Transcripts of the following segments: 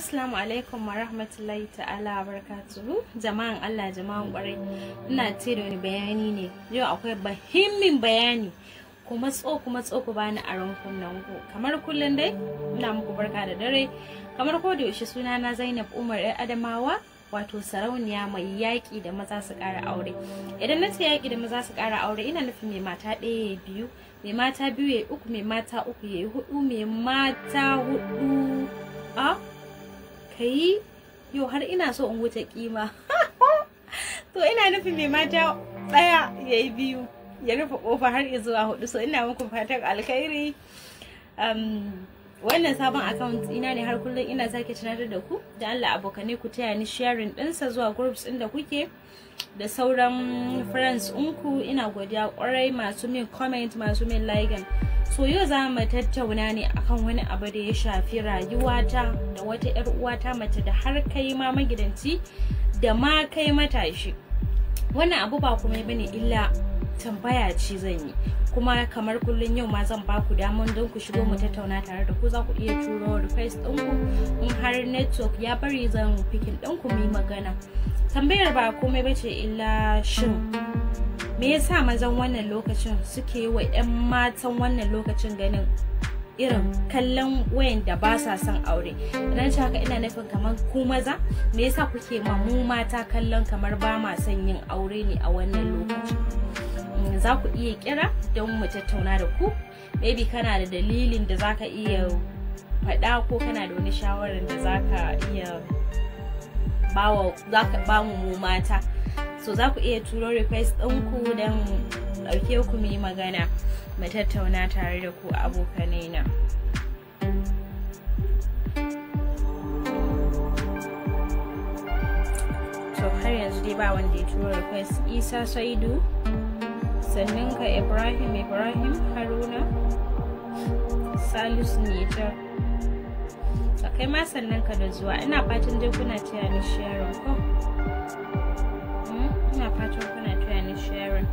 Assalamu alaikum wa rahmatullahi ta'ala wa barakatuhu jama'an Allah jama'an kwarai ina ce da wani bayani ne yau akwai bahimmin bayani kuma tso kuma tso ku bani a rankun nan ku kamar kullun dai ina muku barka da dare kamar ko da yaushe suna na Zainab Umar ɗan Adamawa wato sarauniya mai yaƙi da maza su ƙara aure idan na ce yaƙi da maza su ƙara aure ina nufin mai mata ɗaya ya biyu mai mata biyu ya uku mai mata uku ya hudu mai mata hudu a kai yau har ina so in wuce kima to ina nufin mai mata ɗaya ya yi biyu ya rufe kofa har zuwa hudu so ina muku fatan alkhairi um, wannan sabon account ina ne har kullum ina sake tunatar da ku da Allah abokanai ku taya ni sharing ɗinsa zuwa groups ɗin da kuke da sauran friends ɗinku ina godiya kwarai masu min comment masu min like so yau za mu tattauna ne akan wani abu da ya shafi rayuwata da wata 'yar uwata mace da har kai ma magidanci da ma kai matashi wannan abu ba kuma bane illa tambaya ce zan yi kuma kamar kullum yau ma zan baku daman don ku shigo mu tattauna tare da ku za ku iya turo request ku in har network ya bari zan fikin ɗinku mu yi magana tambayar ba komai bace illa shin me yasa mazan wannan lokacin suke wa 'yan matan wannan lokacin ganin irin kallon wayan ba sa son aure idan haka ina nufin kamar ku maza me yasa kuke ma mu mata kallon kamar ba ma son yin aure ne a wannan lokaci mm, za ku iya kira don mu tattauna da ku maybe kana da dalilin da zaka iya faɗa ko kana da wani shawarar da zaka iya bawa zaka bamu mu mata so za ku iya turo request ɗinku don ɗauke ku mu yi magana mu tattauna tare da ku abokanai na. To har yanzu dai ba wanda ya turo request Isa Saidu, sannan ka Ibrahim Ibrahim Haruna, Salisu ka kai ma sannan ka da zuwa ina fatan dai kuna taya ni sharing ko? Hmm, ina fatan kuna taya ni sharing.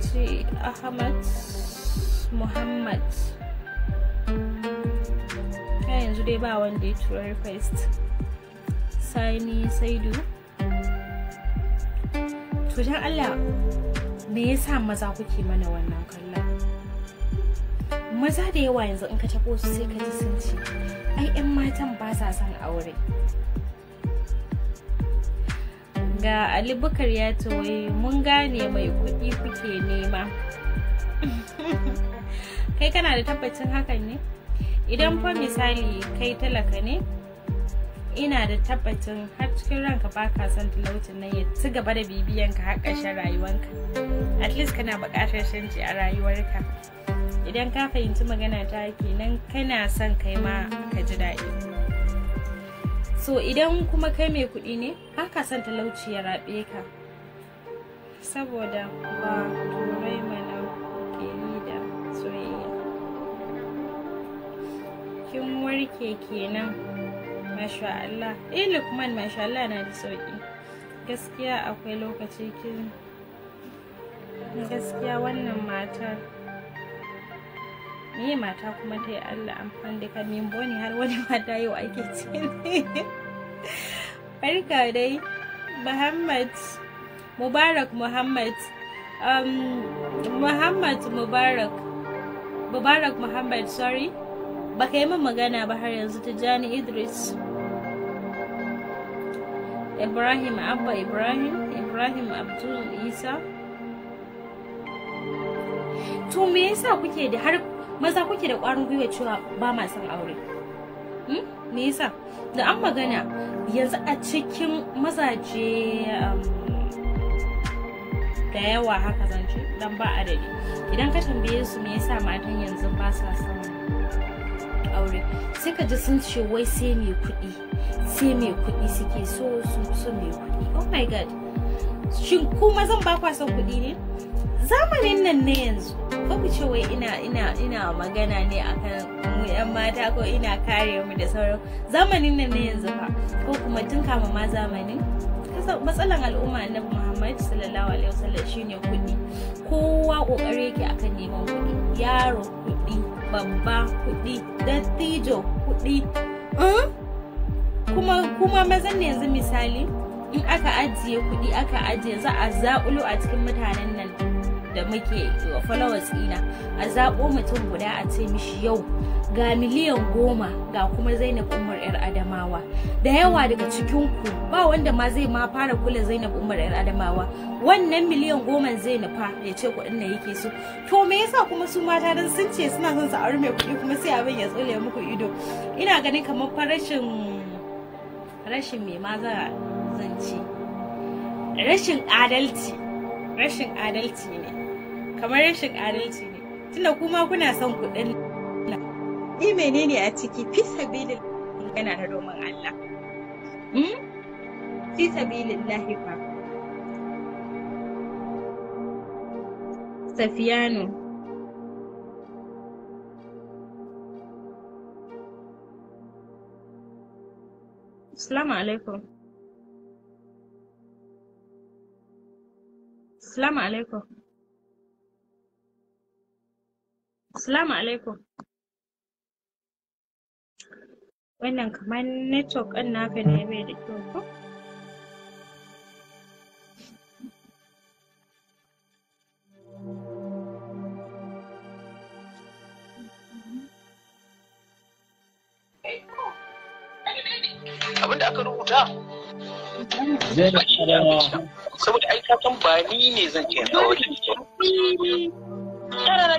ce ahmad muhammad ya yanzu dai ba wanda ya tura request sani saidu to allah me yasa maza kuke mana wannan kalla maza da yawa yanzu in ka tabo su sai ka ji sun ce ai 'yan matan ba sa son aure ga Ali Bukar ya ce mun gane mai kuɗi kuke nema kai kana da tabbacin hakan ne idan fa misali kai talaka ne ina da tabbacin har cikin ranka ba ka son talaucin nan ya ci gaba da bibiyan ka har ƙarshen rayuwanka at least kana buƙatar canji a rayuwarka idan ka fahimci magana ta kenan kana son kai ma ka ji daɗi so idan kuma kai mai kuɗi ne ba ka son talauci ya rabe ka saboda ba turai mana ke da soyayya kin warke kenan masha Allah eh Lukman masha Allah na da sauki gaskiya akwai lokaci kin gaskiya wannan matar me mata kuma ta yi Allah amfani da kamin boni har wani mata yau ake cini barka dai Muhammad Mubarak Muhammad um, Muhammad Mubarak Mubarak Muhammad sorry baka yi min magana ba har yanzu Tijjani Idris Ibrahim Abba Ibrahim Ibrahim Abdul Isa to me yasa kuke da har maza kuke da ƙwarin gwiwa cewa ba ma son aure hmm? me da an magana yanzu a cikin mazaje um, da yawa haka ce dan ba adadi idan ka tambaye su me yasa matan yanzu ba sa son aure sai ka ji sun ce wai sai mai kuɗi sai mai kuɗi suke so su so mai kuɗi oh my god shin kuma zan ba kwa son kuɗi ne zamanin nan ne yanzu ba ku ce wai ina ina ina magana ne akan mu yan mata ko ina kare mu da sauran zamanin nan ne yanzu fa ko kuma tun kama ma zamanin matsalan al'umma na Muhammad sallallahu alaihi wasallam shine kuɗi kowa kokari yake akan neman kuɗi yaro kuɗi babba kuɗi dattijo kuɗi eh? kuma kuma mazan ne yanzu misali in aka ajiye kuɗi aka ajiye za a za'ulo a cikin mutanen nan da muke followers ina a zaɓo mutum guda a ce mishi yau ga miliyan goma ga kuma zainab umar yar adamawa da yawa daga cikin ku ba wanda ma zai ma fara kula zainab umar yar adamawa wannan miliyan goma zai nufa ya ce kuɗin na yake so to me yasa kuma su mata dan sun ce suna son su aure mai kuɗi kuma sai abin ya tsole muku ido ina ganin kamar farashin rashin me ma za rashin adalci rashin adalci ne kamar rashin adalci ne tunda kuma kuna son kuɗin nan ni menene a ciki fi sabilin yana na domin Allah hmm? fi sabilin lahi fa Safiyanu Salamu alaikum. Salamu alaikum. Assalamu alaikum. Wannan kamar network ɗin naka ne mai da kyau ko? Abinda aka rubuta? Zai da Saboda aikatan ba ni ne zan ce na wajen yara na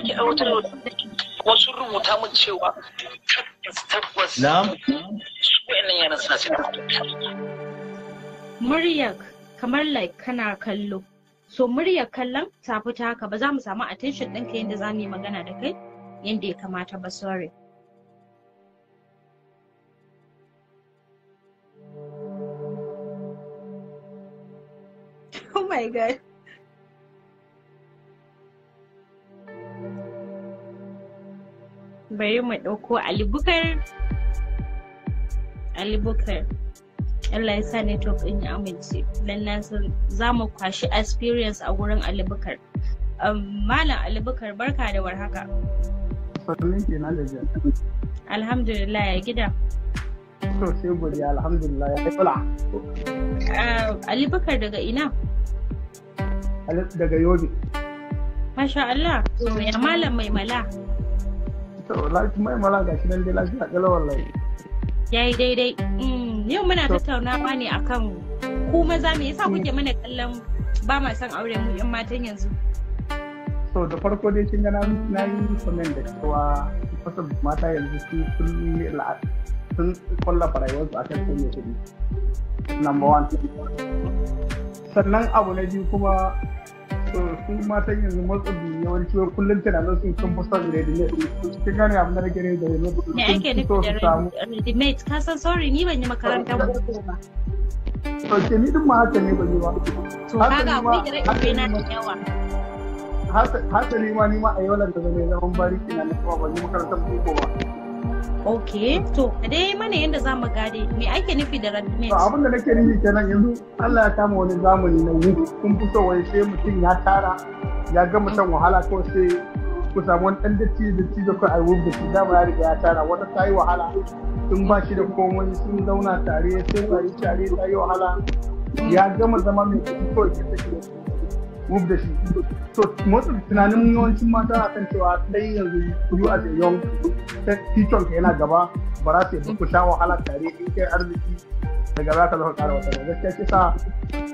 kamar like kana kallo so muryar kallon ta fita haka ba za mu samu attention ɗinka yadda za mu yi magana da kai yadda ya kamata ba sorry oh my god bari mu ɗauko alibukar alibukar Allah ya sa network ɗin ya amince dan na za mu kwashi experience a gurin alibukar um, malam alibukar barka da warhaka alhamdulillah ya gida to sai alhamdulillah ya kula uh, alibukar daga ina daga yobe Masha Allah, so ya malam mai mala. to lafi mai mala gashi nan dai lafiya kala wallahi yayi daidai mm, yau muna tattaunawa ne akan ku maza me yasa kuke mm. mana kallon ba ma son aure mu yan matan yanzu so da farko dai kin ga na na yi comment da cewa kusa mata yanzu sun sun sun kwallafa rayuwarsu akan kome kuɗi number one sannan abu na biyu kuma su matan yanzu matsa biyu yawanci wai kullum tunanin su sun fi son ready-made kin gane abin da nake ne da ready-made me ake nufi da ready-made ka san sorry ni ba ni din ma haka ne ba ba to kaga akwai ma ni ma a yau da zama zaman bariki na nufa ban yi makarantar boko ba ok to dai mana yadda za mu gade me ake nufi da radnet abin da nake nufi kenan yanzu Allah ya kama wani zamani na wu kun fi wani sai mutum ya tara ya ga mutum wahala ko sai ku samu wani ɗan datti datti da kai ayyukan da shi dama ya riga ya tara wata ta yi wahala sun ba shi da komai sun zauna tare sai ba rayu tare ta yi wahala ya gama zama mai kuɗi kawai ke take move da shi so motsa tunanin yawancin mata a kan cewa dai yanzu you a young teacher ka yana gaba ba za su yi ku sha wahala tare in kai arziki daga za ka zo ka kara wata gaskiya ce sa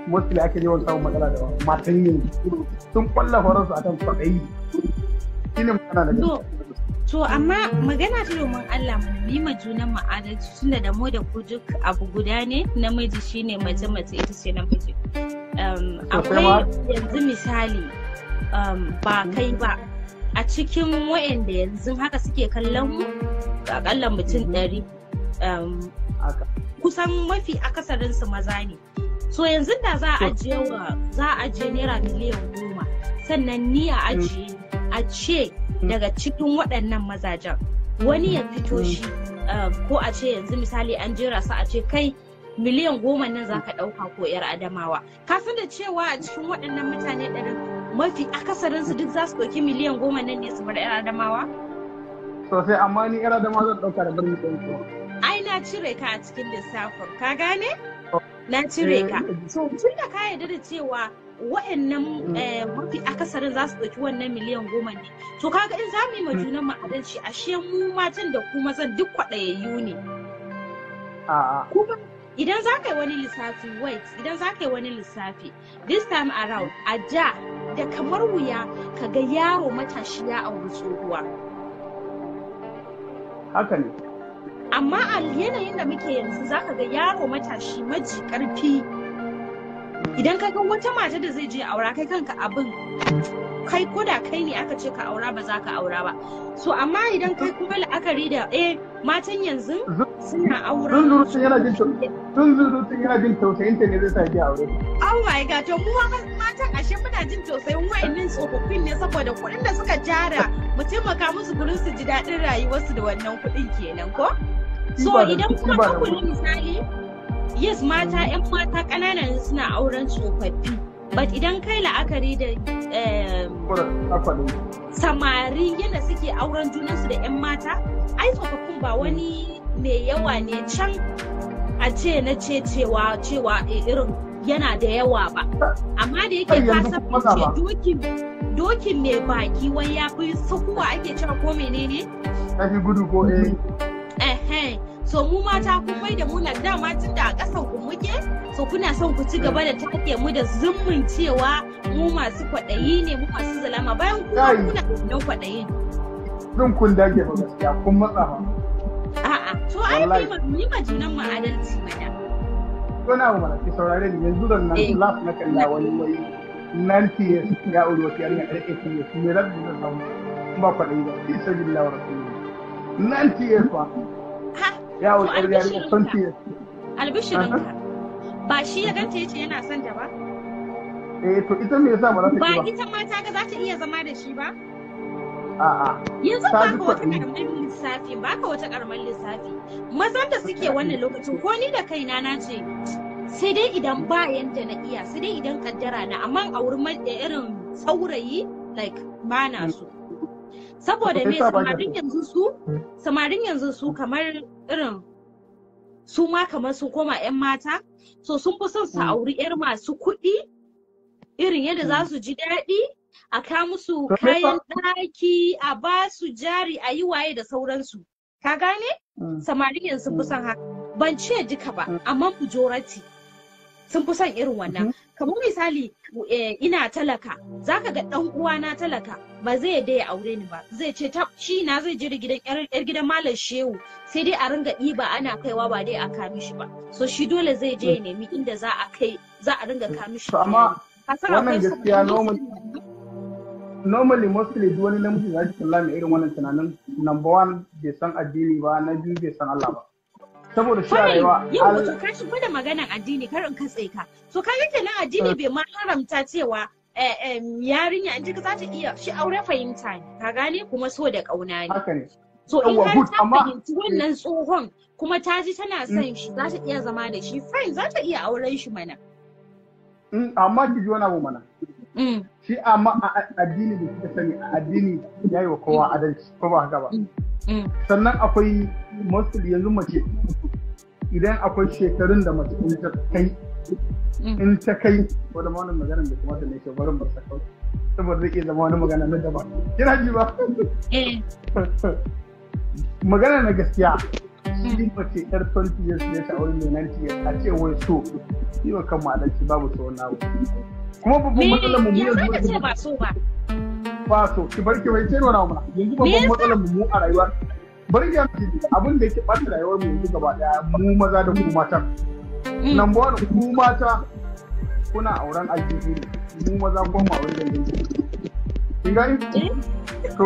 mostly ake yawan samun matsala da matan yanzu sun kwalla horon su akan kwaɗayi shine magana da To amma magana ta domin Allah mu nemi ma junan mu adalci tunda da mu da ku duk abu guda ne namiji shine mace mace ita ce namiji. akwai yanzu misali ba kai ba a cikin wa'anda yanzu haka suke kallon mu akalla mutum mm-hmm. ɗari kusan mafi akasarinsu maza ne so yanzu da za a ajiye za a ajiye naira miliyan goma sannan ni a mm. ajiye a ce mm. daga cikin waɗannan mazajen wani ya fito mm. shi ko a ce yanzu misali an jera su a ce kai miliyan goma nan za ka ɗauka ko 'yar adamawa ka da cewa a cikin waɗannan mutane ɗarin mafi akasarinsu duk za su ɗauki miliyan goma nan ne su bar 'yar adamawa sosai amma ni 'yar adamawa zan ɗauka da birnin ɗauko ai na cire ka a cikin lissafin ka gane oh. na cire eh, ka so tun da ka yarda da cewa wa'annan mm. eh, mafi akasarin za su ɗauki wannan miliyan goma ne to kaga in za mu yi ma mm. junan mu adalci ashe mu matan da kuma zan duk kwaɗayayyu ne A'a. idan za ka yi wani lissafi wait idan za ka yi wani lissafi this time around a ja da kamar wuya ka ga yaro matashi ya auri tsohuwa haka ne amma a yanayin da muke yanzu za ka ga yaro matashi maji karfi idan ka ga wata mata da zai je aura kai kanka abin kai ko da kai ne aka ce ka aura ba za ka aura ba so amma idan kai kuma la'akari da eh matan yanzu uh-huh. suna aura zunzurutun yana jin zunzurutun yana jin tausayin ta ne zai sa ji aure oh my god to mu matan ashe muna jin tausayin wayannan tsofaffin ne saboda kuɗin da suka jara mu taimaka musu gurin su ji daɗin rayuwarsu da wannan kuɗin kenan ko so idan kuma ka kula misali yes mata yan mata ƙananan suna auren tsofaffi but idan kai la'akari da samari yadda suke auren junansu da 'yan mata ai tsofaffin ba wani mai yawa ne can a ce na ce cewa cewa eh, irin yana da yawa ba amma da yake kasa dokin dokin mai baki wani ya fi sakuwa ake cewa ko menene ne? gudu ko eh so mu mata kun mai da muna dama tun da a ƙasan ku muke so kuna son ku ci gaba da take mu da zummin cewa mu masu kwaɗayi ne mu masu zalama bayan kuma kuna don kwaɗayin zan kun dage ba gaskiya kun matsa ba a'a to ai ni ma junan mu adalci mana Ko na mana ki saurare ni yanzu da nan eh. laf na kalla wani wai ti ya ga uru wata yarinya ki 18 years rabu da zan samu ba kwaɗayi ba fi sabilillah wa rasulillah 90 years ba ya wuce yarinya 20 years albishirinka ba shi ya ganta yace yana son ta ba eh to ita me yasa ba za ta ba ita ma ta ga za ta iya zama da shi ba a'a yanzu ba ka wata karamar eh. lissafi ba ka wata karamar lissafi mazan da suke wannan lokacin ko ni da kaina na ce sai dai idan ba yanda na iya sai dai idan kaddara na amma a wurin eh, irin saurayi like ba na so saboda me samarin yanzu su samarin yanzu su kamar irin su ma kamar sun koma 'yan mata so sun fi son su mm. auri 'yar masu kuɗi irin yadda za mm. su ji daɗi a ka musu kayan ɗaki a ba su jari a yi waye da sauransu ka gane mm. samari sun fi son haka ban ce jika ba amma majority sun fi son irin wannan mm-hmm. kamar misali eh, ina talaka Za ka ga ɗan uwana talaka ba zai yadda ya aure ni ba zai ce ta shi na zai je da gidan yar gidan malam shehu sai dai a ringa ɗiba ana kaiwa ba dai a kame shi ba so shi dole zai je ya nemi inda za a kai za a ringa kame shi amma wannan gaskiya normally mostly duk wani namiji zai kalla mai irin wannan tunanin number one bai san addini ba na biyu bai san Allah ba saboda shi rayuwa yau wato ka shigo da maganan addini karin katse ka so ka yanke nan addini eh. bai ma haramta cewa Eh, eh, yarinya in ka za ta iya shi aure fahimta ne ka gane kuma so da ƙauna ne so in har ta fahimci wannan tsohon kuma ta ji tana son shi mm. za ta iya zama da shi fine za ta iya auren shi mana mm, amma ki ji wani abu mana mm. shi amma a addini da suka sani a addini ya yi wa kowa adalci ko ba haka ba sannan akwai mostly yanzu mace idan akwai shekarun da mace ta kai Mm. in ta kai ko da wani magana da barin barsa kawai saboda zai iya zama wani magana na daban kina ji ba eh. magana na gaskiya mm. shi mace yar 20 years ne ta aure mai 90 years a ce wai so yi wa kan malanci babu so na kuma babban matsalar mu yanzu ba so ba ba so ki bar ki bai ce na yanzu babban matsalar mu a rayuwa bari ya miki abin da yake ɓata rayuwar mu yanzu gaba daya mu maza da mu matan Mm. number one ku mata kuna auren aiki ne mu maza ko mu auren dangin kin gani eh. to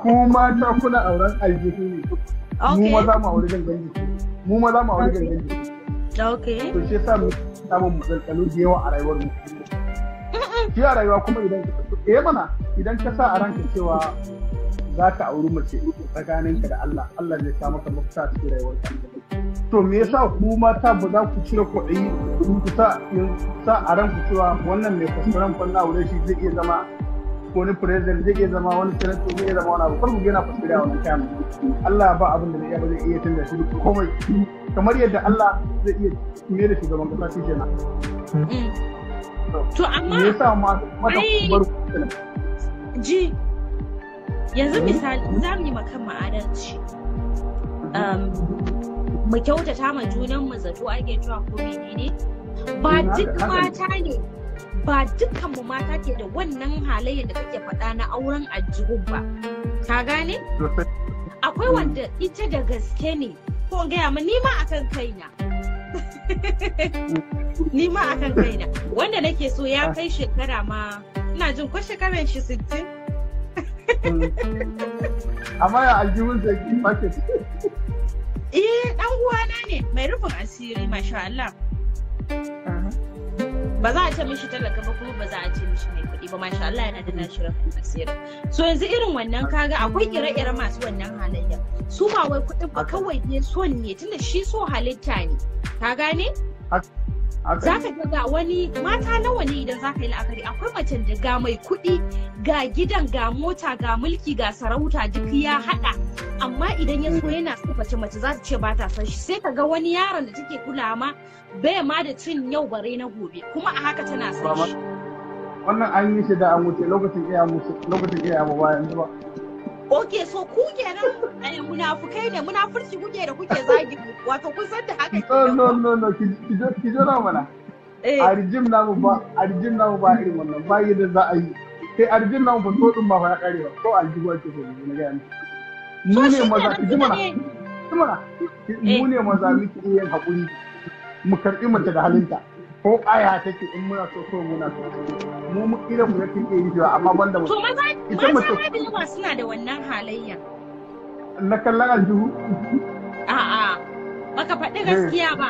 ku mata kuna auren aiki ne mu maza mu auren dangin mu maza wani auren dangin okay to shi yasa mu samu mutsaltsalo da yawa a rayuwar mu shi a rayuwa kuma idan eh mana idan ka sa a ranka cewa za ka auri mace tsakaninka da Allah Allah zai sa maka mafita cikin rayuwar ka to me yasa ku mata ba za ku cire kwaɗayi ku sa sa a ku cewa wannan mai kuskuren kwanna aure shi zai iya zama wani president zai iya zama wani senator zai iya zama wani abu kuma yana kuskure a wannan kayan Allah ba abin da ya ba zai iya tunda shi komai kamar yadda Allah zai iya me da shugaban kasa shi kenan mm. to amma me yasa ma ku bar ji yanzu hmm? misali za mu yi makan ma'adanci um, mu kyautata ma junan mu zato ake cewa ko menene ba hmm, duk mata ne ba dukkan mu mata ke da wannan halayyar da kake faɗa na auren aljihun ba ka gane akwai hmm. wanda ita da gaske ne ko gaya ma nima akan kaina nima akan kaina wanda nake so ya ah. kai shekara ma ina jin ko shekaran shi sittin amma ya aljihun da ke paket eh dan uwana ne mai rufin asiri masha Allah ba za a ce mishi talaka ba kuma ba za a ce mishi mai kuɗi ba masha Allah yana da nashi rufin asiri so yanzu irin wannan kaga akwai ire-ire masu wannan halayya su ba wai kuɗin ba kawai ne son ne tunda shi so halitta ne ka gane za ka ga wani mata nawa ne idan za ka yi la'akari akwai macen da ga mai kuɗi ga gidan ga mota ga mulki ga sarauta duk ya haɗa amma idan ya so yana so mace mace za ta ce ba ta san shi sai ka ga wani yaron da take kula ma bai ma da cin yau bare na gobe kuma a haka tana san shi wannan an yi shi da an wuce lokacin iya mu lokacin iya mu bayan ba Oke so ku kenan eh, munafukai ne munafurci kuke da kuke zagi wato kun san da haka no no no no ki jira mana eh. a rijim namu ba arjin rijim namu ba irin wannan ba yi da za a yi sai arjin rijim namu ba to din ba fa ya kare ba ko aljiwa ce ko na ga ni mu ne maza ki ji mana ki mana mu eh. ne maza muke yin hakuri mu karbi mata da halinta ko ƙaya take in muna so ko muna so mu mu kira mu yake ke yi amma banda mu to maza ita mu ba suna da wannan halayya na kallon aljihu a'a baka faɗi eh. gaskiya ba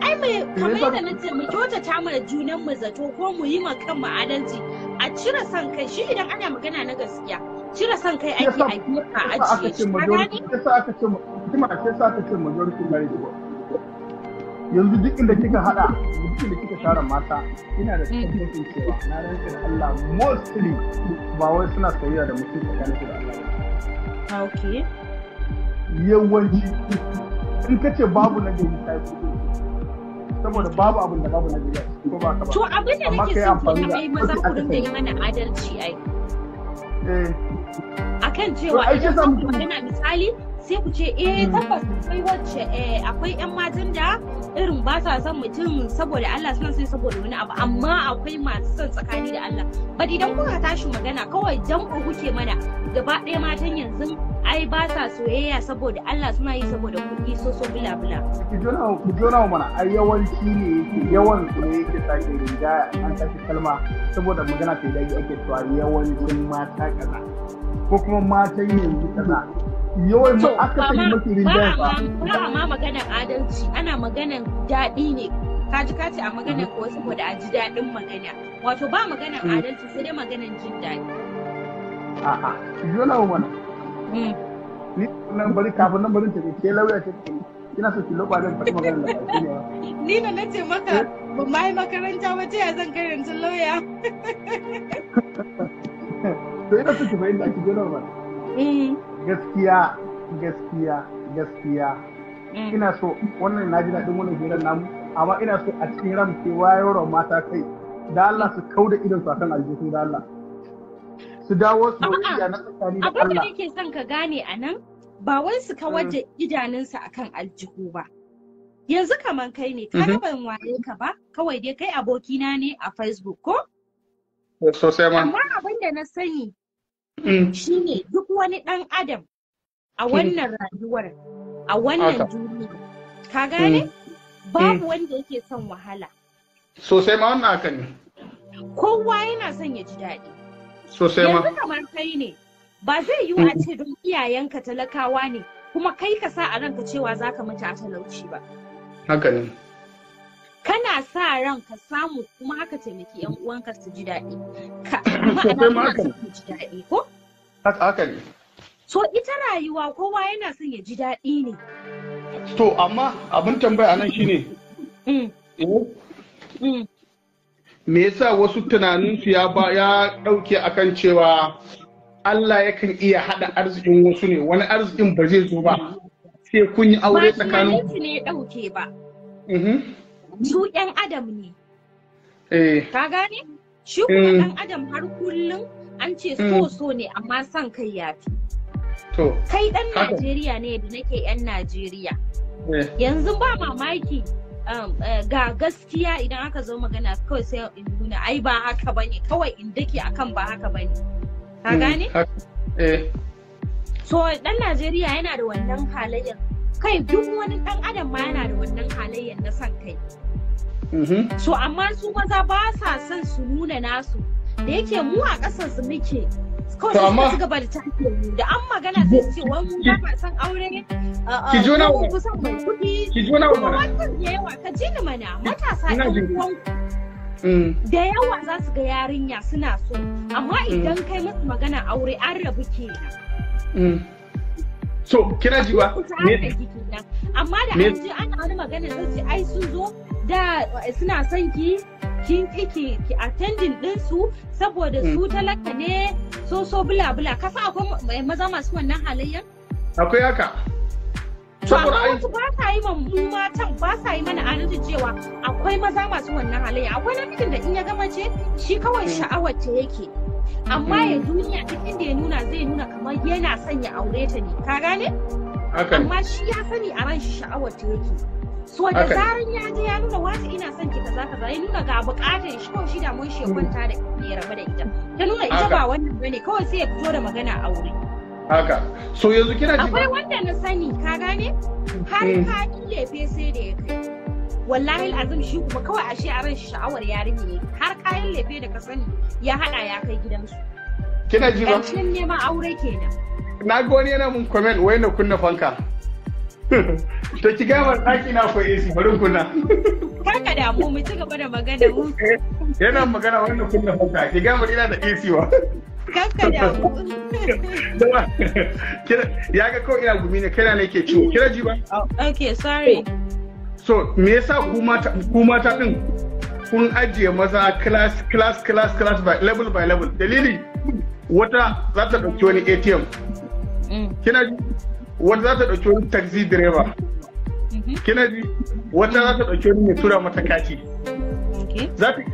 ai mai kamar yadda na ce mu kyautata ma junan mu zato ko mu yi ma kanmu adalci a cire son kai shi idan ana magana na gaskiya cire son kai ake a a ciye shi ka gane? Yasa aka ce kuma ne yanzu duk inda kika hada duk inda kika share mata ina da mm. tabbacin cewa na rantsa Allah mostly ba wai suna soyayya da mutum da tsakanin da Allah ah, okay yawanci in ka ce babu na gari ta yi saboda babu abin da babu na gari ko ba ka ba to abin da nake so ku mai maza ku ya mana adalci ai eh akan cewa idan ku magana misali sai ku ce eh mm. tabbas akwai wacce eh, akwai yan matan da irin ba sa son mutum saboda Allah suna sai saboda wani abu amma akwai masu son tsakani da Allah ba idan kuka tashi magana kawai ku kuke mana gaba ɗaya matan yanzu ai ba sa soyayya saboda Allah suna yi saboda kuɗi so so bula bula. Ku jona mana ai yawanci ne yawan su ne yake sake riga an tashi kalma saboda magana ta yi ake yawan yawancin mata kaza ko kuma matan yanzu kaza yawan ma aka sani mafi rinjaye ba. Ba ma maganar adalci ana maganar daɗi ne kaji kaci a maganar ko saboda a ji daɗin magana wato ba maganar eh. adalci sai dai maganar jin daɗi. A'a yana wa mana. Hmm. Ni nan bari kafin nan bari ta ke lauya ce ina so ki loba zan faɗi maganar lafiya. Ni da na ce maka eh? ba ma yi makaranta ba ta ya zan karanta lauya. To ina so ki fahimta ki gano mana. Eh. gaskiya gaskiya gaskiya mm. ina so wannan na ji daɗin wannan hirar namu amma ina so a cikin ram ke wa mata kai da Allah su da idon su akan aljihu da Allah su dawo su iya na tsakani da Allah abin da nake son ka gane a nan ba wai su kawar mm. da a akan aljihu ba yanzu kamar kai ne ka ban mm-hmm. waye ka ba kawai dai kai abokina ne a Facebook ko sosai ma amma abin da na sani Mm. shine duk wani dan adam a mm. wannan rayuwar a wannan duniya ka mm. gane babu wanda yake son wahala sosai ma wannan haka ne kowa yana son ya ji daɗi sosai ma yanzu kamar kai ne ba zai yi a ce don iyayenka talakawa ne kuma kai ka sa a ranka cewa za ka mutu a talauci ba haka ne kana sa ran ka samu kuma haka taimaki yan uwanka su ji daɗi ka ma'ana su ji daɗi ko haka ne so ita rayuwa kowa yana son ya ji daɗi ne to amma abin tambaya nan shine mm. Eh? Mm. me yasa wasu tunaninsu ya ba ya dauke akan cewa Allah yakan iya haɗa arzikin wasu ne wani arzikin ba zai zo ba sai kun yi aure tsakanin ba ne ɗauke ba mm-hmm. su ɗan adam ne eh. ka gane shi kuma eh. ɗan adam har kullum an ce so hmm. so ne amma son kai ya fi kai ɗan najeriya ne da nake yan najeriya eh. yanzu ba mamaki um, ga gaskiya idan aka zo magana kawai sai in nuna ai ba haka bane kawai in dake akan ba haka bane ka hmm, gane so dan najeriya yana da wannan halayyar kai duk wani dan adam ma yana da wannan halayyar na son kai Mm-hmm. so amma su maza ba sa son su nuna nasu da yake mu a ƙasar su muke kawai sai su gaba da take mu da an magana sai ce wani mu ba san aure ki jona wa kusan mai kuɗi ki jona wa wannan da yawa ka ji ni mana matasa ɗin uwan mm. da yawa za su ga yarinya suna so amma mm. idan kai musu magana aure an rabu kenan mm. so kina jiwa amma da an ji ana wani magana sai ai sun zo da suna son ki kin ki ki attending din su saboda hmm. su talaka ne so so bula bula ka sa akwai eh, maza masu wannan halayyar akwai haka saboda ai ba sa yi ma mu matan ba sa yi mana adalci cewa akwai maza masu wannan halayya akwai namijin da in ya gama ce shi kawai hmm. sha'awar ta yake amma ya hmm. duniya duk inda ya nuna zai nuna kamar yana son ya aure ta ne ka gane amma shi ya sani a ran shi sha'awar ta yake so da zaran ya je ya nuna wace ina son ki kaza kaza ya nuna ga bukatar shi ko shi da mun shi kwanta da ya rabu da ita ta nuna ita ba wannan bane kawai sai ya fito da magana aure haka so yanzu kina ji akwai wanda na sani ka gane har eh. ka lefe sai da ya kai wallahi azum shi kuma kawai ashe a ran sha'awar yarinya ne har kayan lefe da ka sani ya hada ya kai gidansu kina ji ba neman aure kenan na ga wani yana mun comment wai na kunna fanka To ki gama ɗaki na ko AC bari kunna. Barka da mu mu ci gaba da magana mu. Eh, yana magana wannan kunna fata ki gama ina da AC wa. Kanka da mu. Ya ga ko ina gumi ne kai ne ke ciwo kira ji ba. Okay sorry. So me yasa ku mata ku mata din kun ajiye maza class class class class by level by level dalili wata za ta ɗauki wani ATM. Mm. Kina ji? wanda za ta ɗauki wani taxi driver mhm. kina ji wanda za ta ɗauki wani mai tura mata kati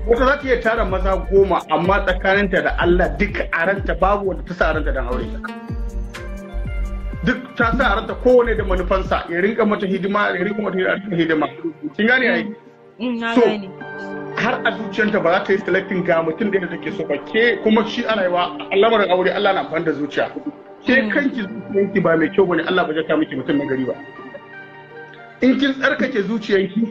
wata za ta iya tara maza goma amma tsakaninta da Allah duk a ranta babu wanda ta sa ranta don aure duk ta sa ranta kowane da manufansa ya rinka mata hidima ya rinka mata hidima kin gane ai mm, so har a zuciyarta ba za ta yi selecting ga mutum da take so ba ke kuma shi a rayuwa wa lamarin aure Allah na amfani da zuciya ke kanki zuciyanki ba mai kyau bane Allah ba zai miki mutum na gari ba in kin tsarkake zuciyanki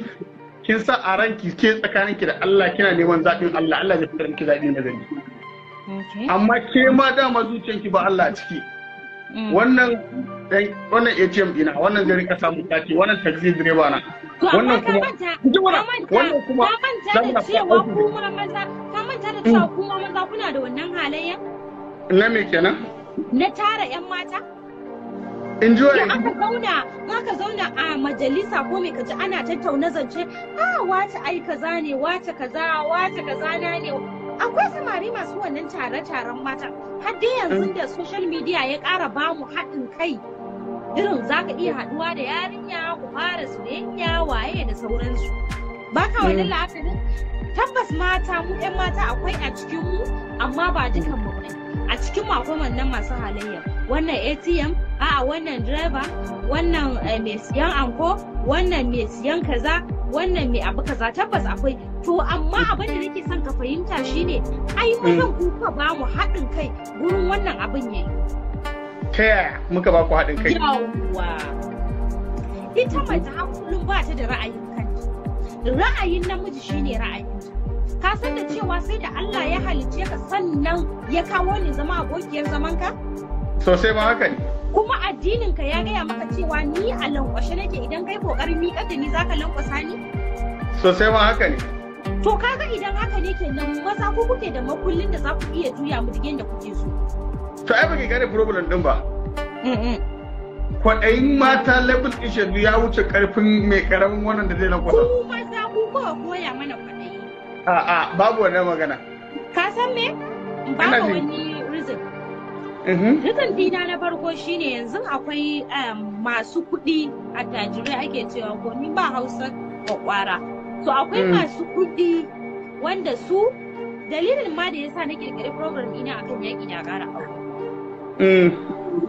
kin sa a ranki ke tsakaninki da Allah kina neman zaɓin Allah Allah zai fitar miki zaɓi gari. amma ke ma dama zuciyanki ba Allah a ciki mm. wannan wannan ATM dina wannan jari ka samu kati wannan taxi driver na wannan kuma wannan wannan kuma ka manta da cewa kuma maza ka manta da cewa kuma maza kuna da wannan halayya na me kenan na tara 'yan mata? Enjoy. aka zauna, ka zauna a majalisa ko me kaji ana tattauna zance, ah wace ai kaza ne, wace kaza, wace kaza na ne. Akwai samari masu wannan tare-taren mata. Har dai yanzu da social media ya ƙara bamu haɗin kai. Irin za ka iya haɗuwa da yarinya, ku fara soyayya, waye da sauransu. Ba ka wani mm. la'akari? Tabbas mata mu 'yan mata akwai a cikin mu amma ba mu ba. a cikin makon wannan masu halayya wannan atm a'a wannan driver wannan eh, mai siyan anko wannan mai siyan kaza wannan mai abu kaza tabbas akwai to amma abin da nake son ka fahimta shine ai mazan mm. kuka ba mu haɗin kai gurin wannan abin yayi ta yaya muka ba ku haɗin kai yawwa ita mai ta hankulin ba ta da ra'ayin kanta ra'ayin namiji shine ra'ayi ka san da cewa sai da Allah ya halicce ka sannan ya kawo ni zama abokiyar zamanka? Sosai ma haka ne. Kuma addinin ka ya gaya maka cewa ni a lankwashe nake idan kai kokarin miƙar da ni zaka lankwasa ni? Sosai ma haka ne. To kaga idan haka ne kenan maza ku kuke da makullin da za ku iya juya mu digin da kuke so. To ai baki gane problem din ba. kwaɗayin mata level ɗin shaidu ya wuce ƙarfin mai ƙaramin wannan da zai lankwasa. Ku maza ku kowa koya mana kwaɗayi. A'a babu wannan magana. Ka san me? Ba wani rizin. Mhm. Rizin dina na farko shine yanzu akwai um, masu kuɗi a tajirai ake cewa ko ni ba Hausa kwakwara. So akwai mm. masu kuɗi wanda su dalilin ma da yasa na kirkiri program ina akan yaƙi da ƙara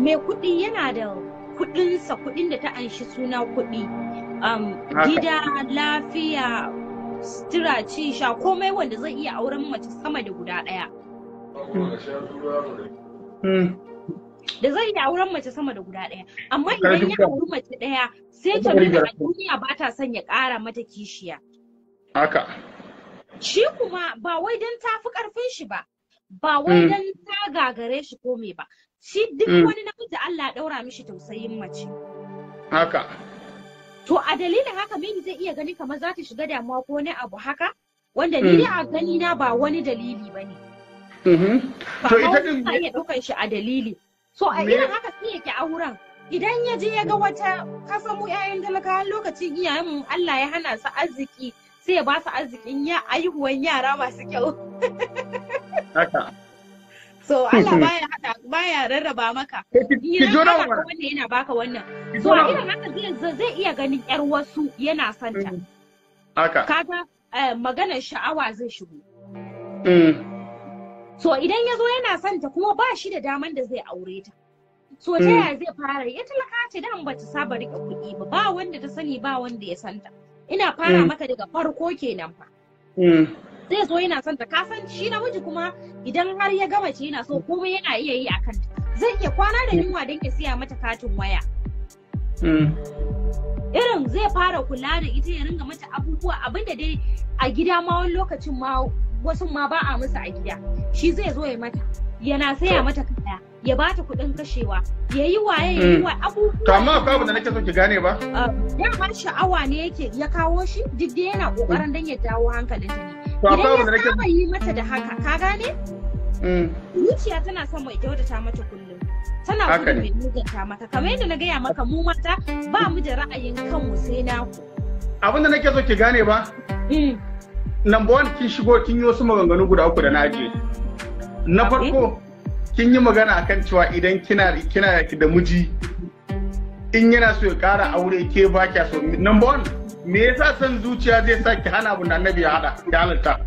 Mai mm. kuɗi yana da kuɗinsa kuɗin da ta anshi suna kuɗi. Um, gida, lafiya, sutura ci sha komai wanda zai iya auren mace sama da guda ɗaya hmm. da zai iya auren mace sama da guda ɗaya amma idan ya auri mace ɗaya sai ta nuna a duniya ba ta son ya ƙara mata kishiya haka shi kuma ba wai don ta fi ƙarfin shi ba ba wai hmm. don ta gagare shi ko me ba shi duk hmm. wani namiji Allah ya ɗaura mishi tausayin mace haka To a dalilin haka mini zai iya gani kamar za ta shiga damuwa ko wani abu haka wanda ni hmm. a gani na ba wani dalili ba ne. Mm-hmm. To ita din iya ɗaukan shi a dalili. So a irin haka sai yake auren. Idan ya je ya ga wata kasa mu 'ya'yan talakawan lokacin iyayen Allah ya hana su arziki sai ya ba su arzikin ya aihuwan yara masu kyau. Haka. So Allah baya hada baya rarraba maka. Ki jona wannan yana baka wannan. So a irin haka zai zai iya ganin yar wasu yana santa. Mm. Haka. Kaga eh, maganar sha'awa zai shigo. Mm. So idan ya zo yana santa kuma ba shi da daman da zai aure ta. So ta mm. yaya zai fara ya talaka ce dan ba ta saba rike kuɗi ba ba wanda ta sani ba wanda ya santa. Ina fara maka daga farko kenan fa. zai zo yana son ta ka san shi namiji kuma idan har ya gama ci yana so komai yana iya yi a kanta zai iya kwana da yunwa don ya siya mata katin waya hmm. irin zai fara kula da ita ya ringa mata abubuwa abinda dai a gida ma wani lokacin ma wasu ma ba a musu a gida shi zai zo ya mata yana saya mata kaya ya ba ta kuɗin kashewa ya yi waye ya yi hmm. wa abubuwa Kamar amma akwai abin da nake so ki gane ba ah, ma sha'awa ne yake ya kawo shi duk da yana kokarin dan ya dawo hankalin ta ne Idan ya saba yi mata da haka, ka gane? Mm. Zuciya tana son mai kyautata mata kullum. Tana gudun mai mugunta mata. Kamar yadda na gaya maka mu mata ba mu da ra'ayin kanmu sai naku. Abin da nake so ki gane ba? Mm. Number one kin shigo kin yi wasu maganganu guda uku da na ajiye. Na farko kin yi magana akan cewa idan kina kina da miji in yana so ya kara aure ke ba kya so. Number one me yasa san zuciya zai sa ki hana abun da annabi ya hada ya halitta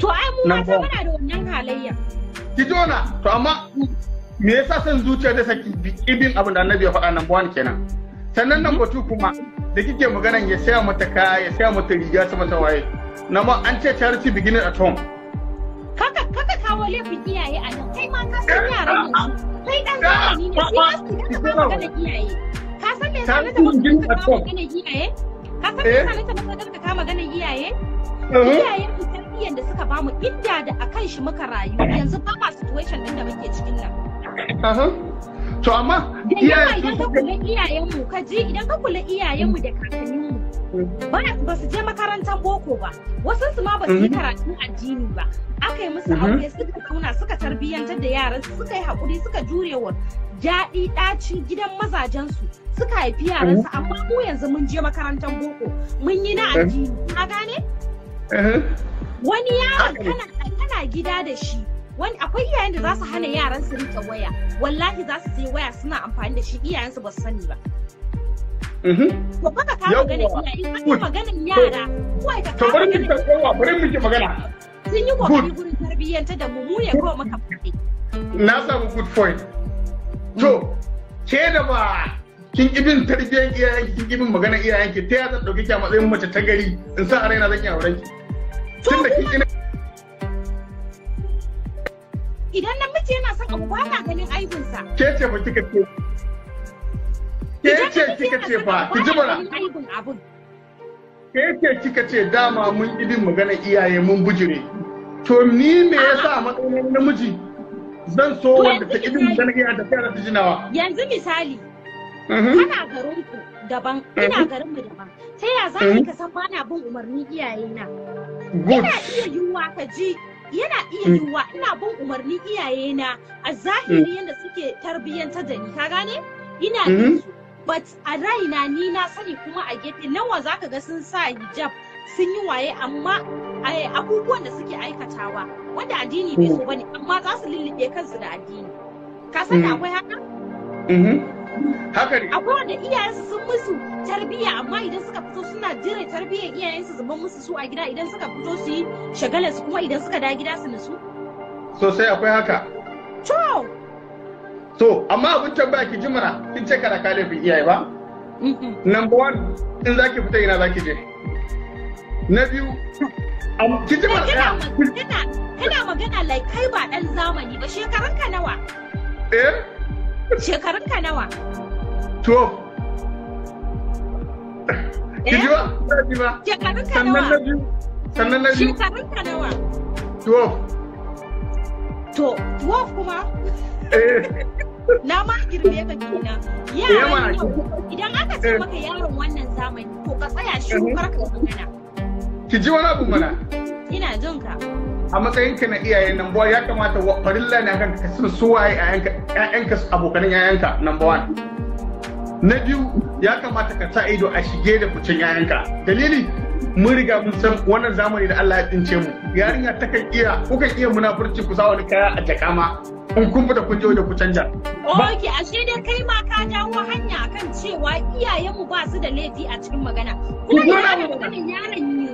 to ai mu mata muna da wannan halayya ki jona to amma me yasa san zuciya zai sa ki ibin abun da annabi ya faɗa nan bawan kenan sannan nan batu kuma da kike maganan ya saya mata kaya ya saya mata riga sama ta waye na ma an ce charity beginning at home kaka kaka kawo laifin iyaye a nan kai ma ka san yaran yanzu kai dan ka ne sai ka magana iyaye ka san me yasa na ta magana iyaye ka san misalin ta maganar ka kama ganin iyaye iyayen mu tarbiyyar da suka bamu idda da akan shi muka rayu yanzu ba ma situation din da muke cikin nan to amma iyayen idan ka kula iyayen mu ka ji idan ka kula iyayen mu da kakannin mu mm. ba su je makarantar boko ba wasu su ma ba su yi mm-hmm. karatun addini ba aka yi musu mm-hmm. aure suka zauna suka tarbiyyantar da yaran suka yi haƙuri suka jure wa daɗi ɗaci gidan mazajensu suka haifi yaransu amma mu yanzu mun je makarantar boko mun yi na eh. addini ka gane eh. wani yaron kana gida da shi wani akwai iyayen da za su hana yaran su rike waya wallahi za su sayi waya suna amfani da shi iyayen su ba su sani ba mhm. to baka ka magana iyaye ka maganan yara kawai ka ka bari mu kowa bari mu ki magana sun yi kokari gurin tarbiyyanta da mu mu ne kawai muka fadi na samu good point to mm. ke da ba kin bin tarbiyyar iyayenki kin bin maganar iyayenki ta yadda dauke ki a matsayin mace ta gari in sa a raina zan yi auren ki tun da kin idan namiji yana son abu ba na ganin aibinsa ke ce ba kika ce ke ce kika ce fa ki ji bara ke ce kika ce dama mun bin maganar iyaye mun bujire to ni me yasa matsayin namiji zan so wanda ta bin maganar iyaye da ta jinawa yanzu misali kana mm-hmm. garin ku daban ina mm-hmm. garin mu daban ta ya za mm-hmm. ka san ba na bin umarni iyayena yana iya yiwuwa ka ji yana iya mm. yiwuwa ina bin umarnin iyayena a zahiri mm. yadda suke tarbiyyantar da ni ka gane ina su but a raina ni na sani kuma a gefe nawa za ka ga sun sa hijab sun yi waye amma abubuwan da suke aikatawa wanda addini bai mm. so bane amma za su lullube kansu da addini ka san akwai haka haka ne akwai wanda iyayensu sun musu tarbiyya amma idan suka fito suna jira tarbiyyar iyayensu zuban musu su a gida idan suka fito su yi shagalar su kuma idan suka da gida su nasu sosai akwai haka to To amma abin tambaya ki ji mana kin ce kana ka laifin iyaye ba number one in zaki fita ina zaki je na biyu ki ji mana kana magana like kai ba dan zamani ba ka nawa eh Shekarun ka nawa? To. Eh? Kiji ba? Kiji ba? Shekarun ka nawa? Sannan na biyu. Sannan na biyu. Shekarun ka nawa? To. To, to kuma? Eh. na ma girme ka kenan eh, yaran yau idan aka ce eh. maka yaron wannan zamani to ka tsaya shi kar ka magana ki ji wani abu mana ina jin ka a matsayin ka na iyaye number one ya kamata wa farilla ne akan ka san su waye ƴaƴanka abokanin ƴaƴanka number one na biyu ya kamata ka sa ido a shige da kucin ƴaƴanka dalili mun riga mun san wannan zamani da Allah ya tsince mu yarinya kan iya kan iya munafurci ku sa wani kaya a jakama. in kun fita kun je da ku canja. Oke, ashe dai kai ma ka jawo hanya akan cewa iyayenmu ba su da laifi a cikin magana. Kuma da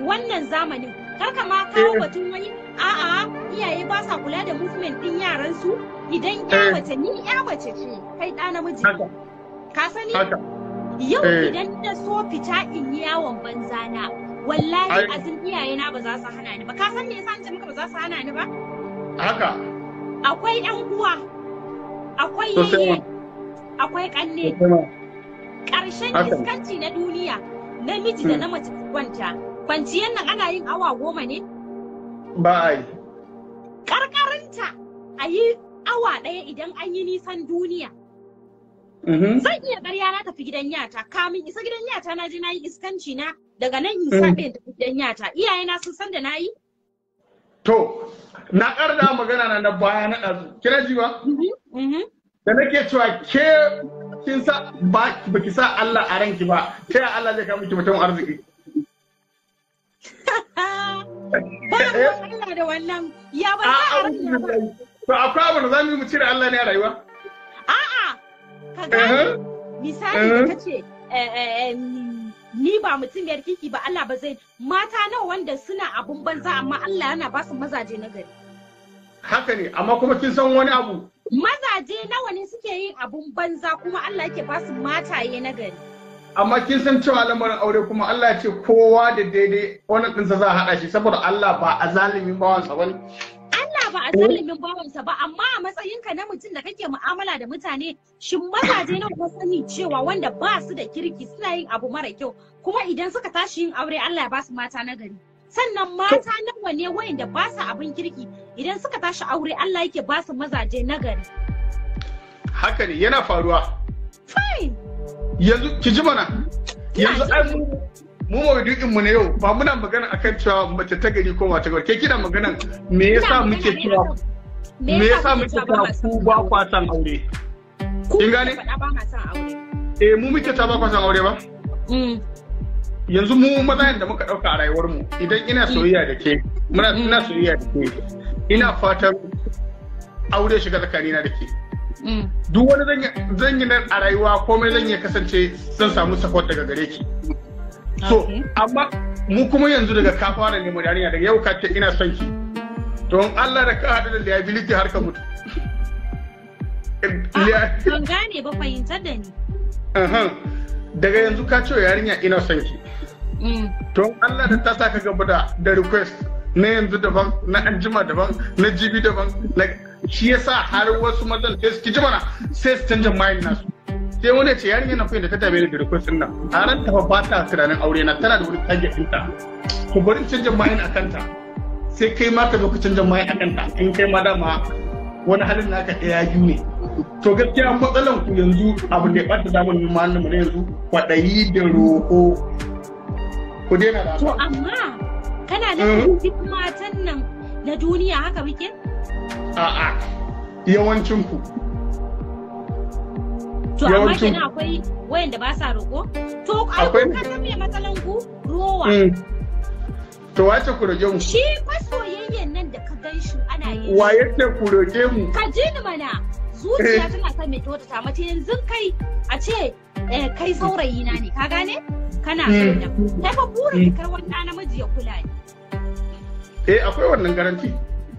wannan zamanin kaka ma kawo eh. batun wani a'a iyaye ba sa kula da movement din yaran su idan ya wace eh. ni ya wace ce kai da namiji ka sani yau eh. idan na so fita in yi yawon banza na wallahi azin iyaye na ba za su hana ni ba ka san me yasa an ce maka ba za su hana ni ba haka akwai yan uwa akwai yayye akwai kanne ƙarshen iskanci na duniya namiji da hmm. na mace kwanta kwanciyar nan ana yin awa goma ne? Ba a yi. Karkarinta a yi awa ɗaya idan an yi nisan duniya. Mm-hmm. Zan iya ƙarya na tafi gidan yata, kamin isa gidan yata na je na yi iskanci na daga nan in mm. saɓe tafi gidan yata. Iyaye na sun san da na yi? To, na ƙarda magana na baya na ɗazu. kira ji ba? Mm-hmm. Mm-hmm. Da nake cewa ke kin sa ba ki sa Allah a ranki ba, ta Allah zai kawo miki mutum arziki. Ba Allah da wannan ya ba ta To akwai abu da za mu cire Allah ne a rayuwa? A'a. Ka gani misali da ta ce eh, eh, ni ba mutum yar kiki ba Allah ba zai mata nawa wanda suna abun banza amma Allah yana ba su mazaje na gari. Haka ne amma kuma kin san wani abu. Mazaje nawa ne suke yin abun banza kuma Allah yake ba su mataye na gari. amma kin san cewa lamarin aure kuma Allah ya ce kowa da daidai wani ɗinsa za a haɗa shi saboda Allah ba a zalimin bawansa ba ne. Allah ba a zalimin bawansa ba amma a matsayinka na mutum da kake mu'amala da mutane shi mazaje nawa ka sani cewa wanda ba su da kirki suna yin abu mara kyau kuma idan suka tashi yin aure Allah ya ba su mata na gari. Sannan mata nawa ne wayanda ba su abin kirki idan suka tashi aure Allah yake ba su mazaje na gari. Haka ne yana faruwa. Fine. yanzu ki ji mana yanzu ai mu maudu'in mu na yau ba muna magana akan cewa mace ta gari ko mata gari ke kina magana me yasa muke cewa me yasa muke cewa ku ba kwa san aure kin gane eh mu muke ta ba kwa san aure ba mm. yanzu mu maza da muka dauka a rayuwar mu idan ina mm. soyayya da ke muna mm. ina soyayya da ke ina fatan aure shiga tsakanina da ke Mm. duk wani zan yi nan a rayuwa komai zan iya kasance zan samu support daga gare ki so amma mu kuma yanzu daga ka fara neman yarinya daga yau ka ce ina son ki don Allah da ka haɗu da liability har ka mutu ah, Ban gane ba fahimtar da ni. Daga yanzu ka ce yarinya ina son ki. Don mm. Allah da ta sa ka gaba da request na yanzu daban na anjima daban na jibi daban shi yasa har wasu mazan da suke jimana sai su canja mayin nasu sai wani ce yarinya na da ta dame ni da request nan taron ta ba ta tunanin aure na tana da wani target ɗinta ku bari canja mind a kanta sai kai ma ka zo ka canja mind a kanta in kai ma dama wani halin naka ɗaya biyu ne to gaskiya matsalan ku yanzu abu da ya ɓata zamanin malamu na yanzu kwaɗayi da roƙo ku daina da to amma kana da mm-hmm. duk matan nan na duniya haka muke a'a yawancin ku to amma kenan akwai da ba sa roƙo to akwai ka san me matsalan ku rowa mm. to wace ku roƙe mu shi fa soyayyen nan da ka gan shi ana yi wa yadda ku roƙe mu ka ji ni mana zuciya tana son mai tota ta mace yanzu kai a ce eh, kai saurayi na ne ka gane kana na. Mm. kai fa burin mm. kar wani namiji ya kula ne eh akwai wannan garanti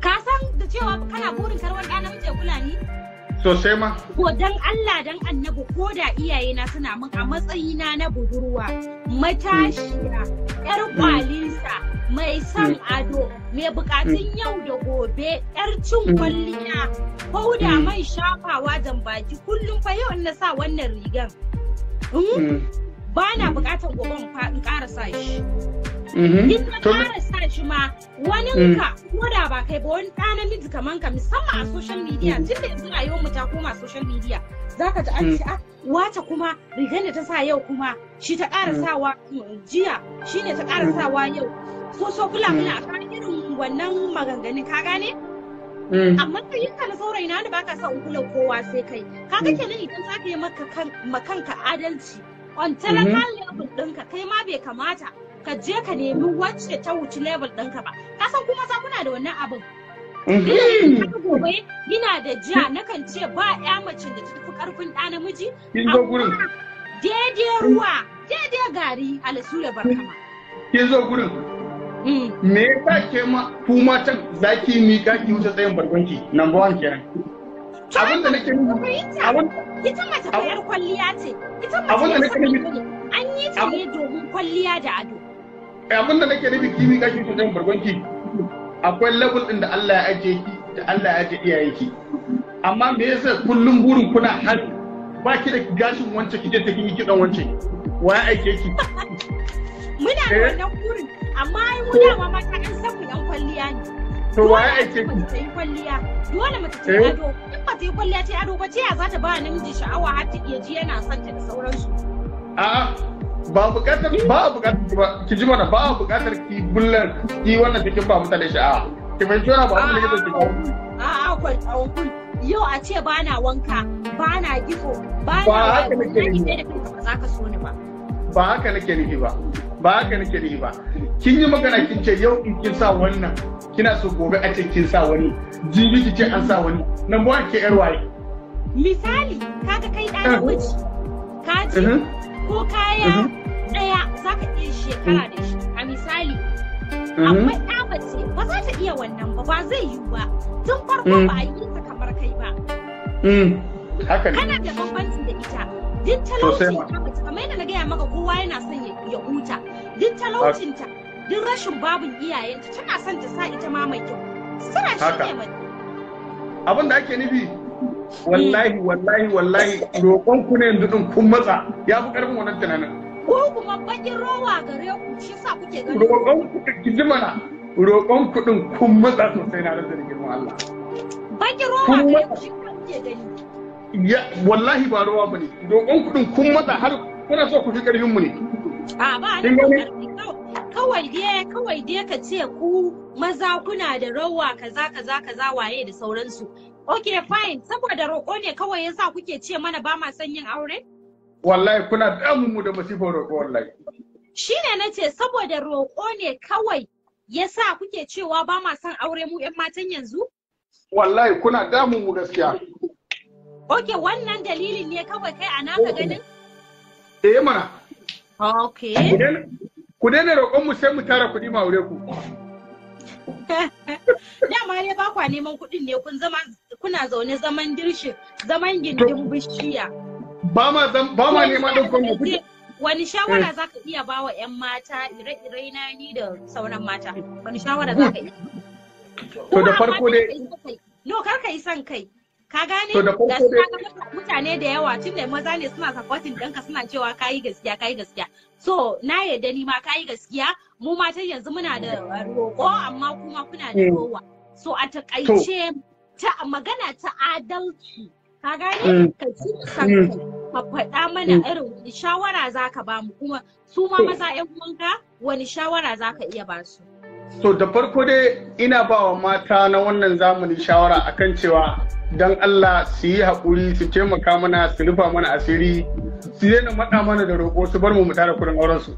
ka san da cewa kana burin karwan ɗa namiji ya kula Sosai ma. Ko dan Allah dan annabi ko da iyaye na suna min a matsayina na budurwa matashiya ƴar mm. kwalinsa mai son mm. ado mai bukatun mm. yau da gobe yar cin kwalliya da mai shafawa baki kullum fa yau na sa wannan rigan. Hmm? Ba na bukatan gobe in ƙara sa shi. Mhm. in ka ƙara sa shi ma wani mm. ka ko da ba kai ba wani ɗa namiji kaman ka musamman a social media mm. tun da yanzu rayuwar mu ta koma social media zaka ji an mm. ce ah, wace kuma rigar da ta sa yau kuma shi ta ƙara sawa jiya shi ne ta ƙara sawa yau so so kula muna a irin wannan maganganun ka gane amma ka yi ka na saurayi na ba ka sa ukulan kowa sai kai ka kaga kenan idan za ka yi maka kanka adalci on talakan mm-hmm. level ɗinka kai ma bai kamata ka je ka nemi wacce ta wuce level ɗinka ba ka san kuma sa kuna da wannan abin mhm. gobe yana da jiya nakan ce ba ya mace da tafi karfin ɗa namiji daidai ruwa daidai gari alasura barkama kin zo gurin mm. me yasa ke ma ku matan zaki mi ka ki wuce tsayin barkwanki number one kenan abin da nake abin ita mace kwalliya ce ita mace an yi ta ne domin kwalliya da ado Eh, abin da nake nufi kimi kashi ko jan barbanki akwai level din da Allah ya aje ki da Allah ya aje iyayenki amma me yasa kullum burin kuna har ba ki da gashin wancan kije ta kin kidan wancan wa aike ki muna da eh? wannan burin amma ai muna ma mata an san mu yan kwalliya ne to wa aike ki ta kwalliya dole mace ta eh? ado in ba ta yi kwalliya ta ado ba ce ya za ta ba namiji sha'awa har ta iya ji yana son ta da sauransu a'a ba bukatar ba bukatar ba ki ji mana ba bukatar ki bullar ki wannan cikin ba mutane sha'a ki mai jona ba wani likita ki ba a akwai akwai yau a ce ba na wanka ba na gifo ba na wanka ba za ka so ni ba ba haka nake nufi ba ba haka nake nufi ba kin yi magana kin ce yau in kin sa wannan kina so gobe a ce kin sa wani jibi ki ce an sa wani nan ba ke yar waye misali kaga kai da namiji ka ji ko kaya mhm. ɗaya za ka iya shekara mm. da shi a misali mhm. akwai ɗa mace ba za ta iya wannan ba ba zai yiwu ba tun farko mm. ba a yi ta kamar kai ba mm. Kana da bambanci da ita duk talaucin ta mace kamar yadda na gaya maka kowa yana son ya huta duk talaucin ta duk rashin babin iyayenta tana son ta sa ita ma mai kyau sira shi ne abin da ake nufi wallahi wallahi wallahi roƙon ku ne yanzu din kun matsa ya fi ƙarfin wannan tunanin ko kuma bakin rowa gare ku shi sa kuke gani roƙon ku ki kiji mana roƙon ku din kun matsa sosai na rasa da girman Allah bakin rowa gare ku shi kuke gani ya wallahi ba rowa bane roƙon ku din kun matsa har kuna so ku fi ƙarfin mu ne a ba ni kawai dai kawai dai ka ce ku maza kuna da rawa kaza kaza kaza waye da sauransu Ok, fine. Saboda roƙo ne kawai yasa kuke ce mana ba ma son yin aure? Wallahi kuna damun mu da masifar roƙo wallahi. Shi ne na ce saboda roƙo ne kawai yasa kuke cewa ba ma son aure mu 'yan matan yanzu? Wallahi kuna damun mu gaskiya. Ok, wannan dalilin ne kawai kai a naka ganin? Eh mana. Ok. Ku daina roƙon mu sai mu tara kuɗi ma aure ku. Dama ne ba kwa neman kuɗin ne kun zama kuna zaune zaman dirshi zaman gindin bishiya ba ma ba ma neman ɗaukan wani shawara eh. za ka iya ba wa 'yan mata ire ire na ni da sauran mata wani shawara za ka iya to da farko dai no kar ka yi son kai ka gane da mutane da yawa tun da maza ne suna supporting ɗanka suna cewa yi gaskiya yi gaskiya so na yarda ni ma yi gaskiya mu matan yanzu muna da roƙo amma kuma kuna da mm. rowa so a takaice ta magana ta adalci ka gane mm. ka ci mm. ka faɗa mana mm. irin shawara za ka ba mu kuma su ma maza yan uwanka wani shawara za ka iya ba su so da farko dai ina ba wa mata na wannan zamani shawara akan cewa don Allah su yi haƙuri su taimaka mana su rufa mana asiri su daina maɗa mana da roƙo su bar mu mu tara kuɗin auren su.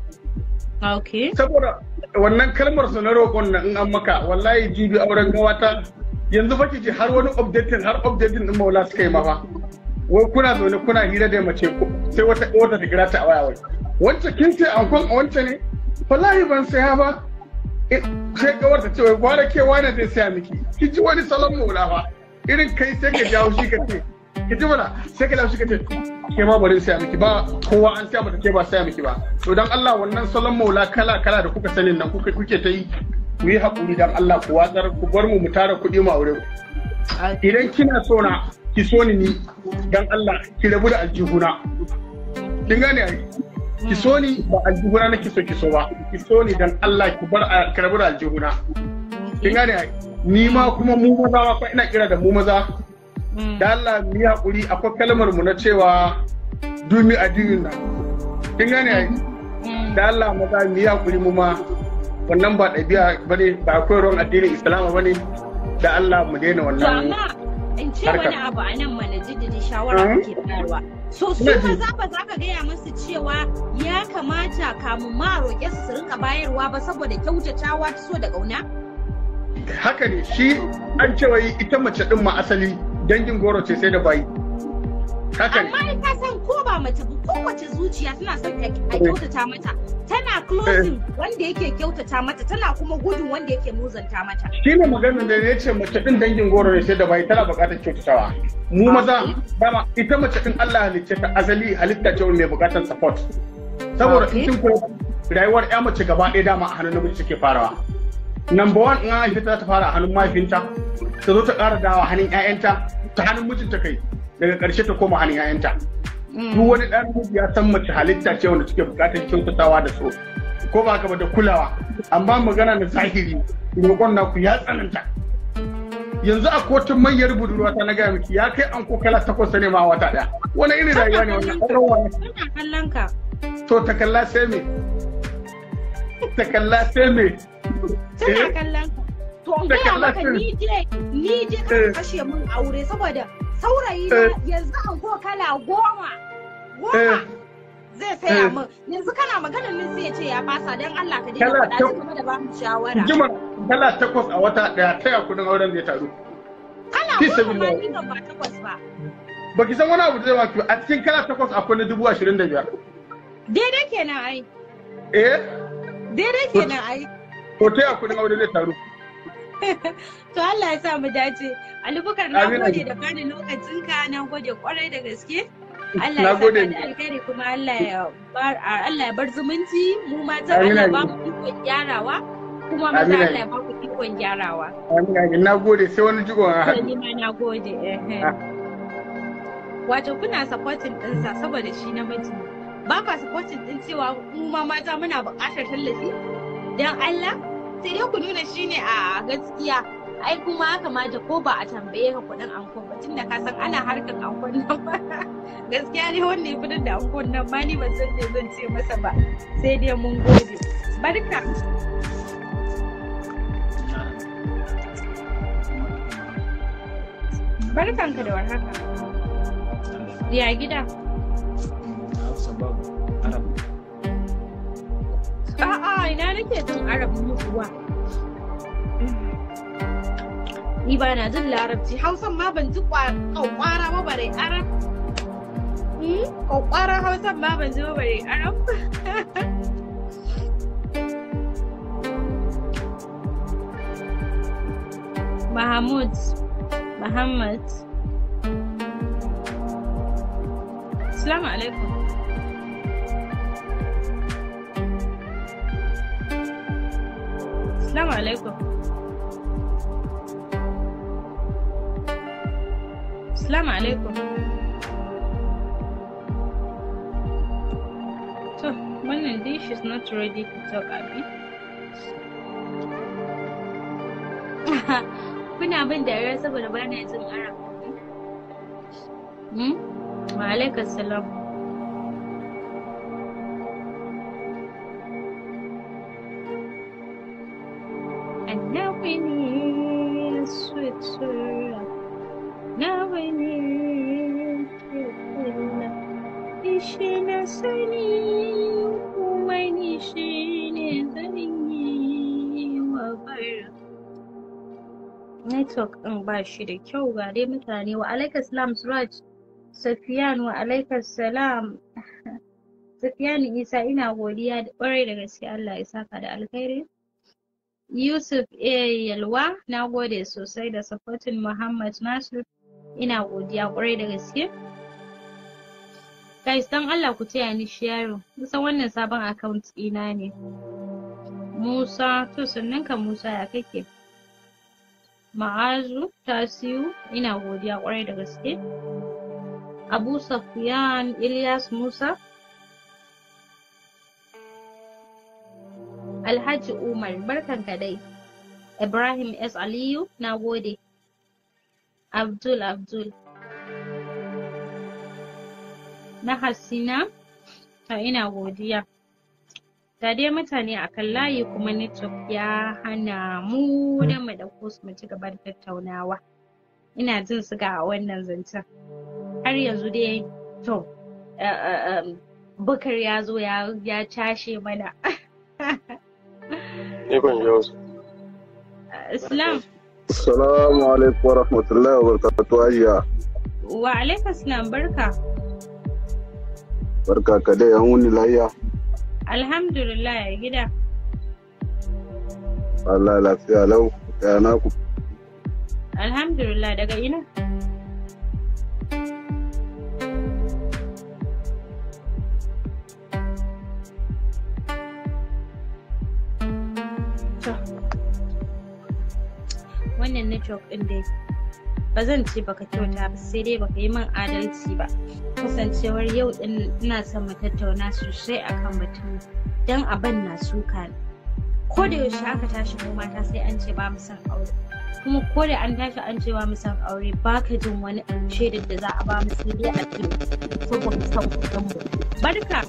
Saboda wannan kalmar su na roƙon na in an maka wallahi jibi auren gawata yanzu fa ji har wani updating har updating din maula suka yi ma fa wai kuna zaune kuna hira da mace sai wata wata ta gira ta a waya wai wancan kin ce ankon wancan ne wallahi ban saya ba eh, sai kawar ta ce wai gwara ke wani zai saya miki ki ji wani salon maula fa irin kai sai ka jawo shi ka ce ki ji mana sai ka lafi ka ce ke ma bari saya miki ba kowa an saya ta ke ba saya miki ba to dan Allah wannan salon maula kala kala da kuka sanin nan kuke ta yi ku yi haƙuri don Allah ku watsar ku bar mu mu tara kuɗi mu aure idan kina so na ki so ni ni don Allah ki rabu da aljihuna kin gane ai ki so ni ba aljihuna na kiso kiso ba ki so ni don Allah ki bar ki rabu da aljihuna kin gane ai ni ma kuma mu maza ba ina kira da mu maza hmm. da Allah mu yi haƙuri akwai kalmar mu na cewa dumi addinin na kin gane ai hmm. da Allah maza mu yi haƙuri mu ma wannan ba ɗabi'a ba ne ba akwai ruwan addinin islama ba ne da Allah mu daina wannan in ce wani abu a nan mana jiddidi shawara kuke hmm? bayarwa so su maza ba za ka gaya musu cewa ya kamata kamun ma roƙe su rinka bayarwa ba saboda kyautatawa so da ƙauna haka ne shi an cewa ita mace ɗin ma asali dangin goro ce sai da bayi amma ka san ko ba mace ba kowace zuciya tana son a kyautata mata tana closing eh. wanda yake kyautata mata tana kuma gudun wanda yake muzanta mata shine magana da ya ce mace din dangin goro ne sai da bai tana buƙatar kyautatawa mu maza dama ita mace din Allah halicce ta azali halitta ce mai buƙatar support saboda in kin koyi rayuwar ya mace gaba ɗaya dama a hannun namiji take farawa number one in an haife ta fara a hannun mahaifinta ta zo ta ƙara dawa hannun 'ya'yanta ta hannun mijinta kai daga ƙarshe ta koma hannun 'ya'yanta duk mm. wani ɗan ya san mace halitta ce wanda suke buƙatar kyautatawa da so ko ba ka ba da kulawa amma magana na zahiri roƙon na ku ya tsananta yanzu a kotun manyan budurwata na gaya miki ya kai an kala takwas ne ma wata ɗaya wani irin rayuwa ne wannan kallon ka to ta kalla sai me ta kalla sai me tana eh? kallon ka to ga maka ni je ni je ka eh. kashe mun aure saboda saurayi eh. yanzu kala goma goma eh. zai saya eh. min yanzu kana magana min sai ce ya fasa dan Allah ka daina faɗa kuma da ba mu shawara kala takwas a wata ɗaya taya kudin auren zai taru ba takwas ba baki san wani abu da zai a cikin kala takwas akwai na dubu ashirin da biyar daidai kenan ai eh kudin auren zai taru to Allah ya sa mu dace alibukar na gode da bani lokacin ka na gode kwarai da gaske Allah ya sa da alkhairi kuma Allah ya bar Allah ya bar zumunci mu mata Allah ba mu ikon gyarawa kuma maza Allah ya ba ku ikon gyarawa amin na gode sai wani jigon a ni ma na gode ah. wato kuna supporting ɗinsa saboda shi namiji ba ka supporting ɗin cewa mu ma mata muna buƙatar tallafi don Allah sai dai ku nuna shi ne a gaskiya ai kuma ya kamata ko ba a tambaye ka kudin anko ba tunda ka san ana harkar ankon nan gaskiya ne wanda ya fitar da ankon nan ma ni ban san me zan ce masa ba sai dai mun gode barka barkanka da warhaka ya gida Arab A'a ina nake jin Arab mutuwa. Ni ba na jin larabci, Hausan ma hmm? ma ban ji ba bare Muhammad. alaikum. Assalamu alaikum. Assalamu alaikum. So, wannan dish is not ready to talk abi. Kuna bin dariya saboda bana jin Arab. Hmm? Wa alaikum salam. din ba shi da kyau ga dai mutane wa alaikar salam suraj safiyan wa alaikar salam safiyan isa ina godiya da kwarai da gaske allah ya saka da alkhairi yusuf a yalwa na gode sosai da supporting muhammad nasir ina godiya kwarai da gaske guys don allah ku taya ni sharing kusan wannan sabon account ina ne musa to sannan ka musa ya kake ma'azu ta tasiu ina godiya kwarai da gaske abu safiyan ilyas musa alhaji umar ka dai ibrahim s aliyu na gode abdul abdul na hasina ta ina godiya ga dai mutane a kan layi kuma network ya hana mu hmm. da mu ɗauko su mu ci gaba da tattaunawa ina jin su ga wannan zancen har yanzu dai to eh, eh, bukar ya zo ya cashe mana Islam. Salamu alaikum wa rahmatullahi wa ajiya. Wa alaikum salam barka. Barka ka dai an wuni lafiya. Alhamdulillah ya gida. Allah lafiya lau ya naku. Alhamdulillah daga ina? Wannan network ɗin dai. ba zan ce ka kyauta ba sai dai baka yi min adalci ba kasancewar yau din ina son mu tattauna sosai akan batun dan abin na suka ne ko da yaushe aka tashi ko mata sai an ce ba mu san aure kuma ko da an tashi an ce ba mu san aure ba ka jin wani shaidar da za a ba mu sai dai a ce saboda san kuɗin mu barka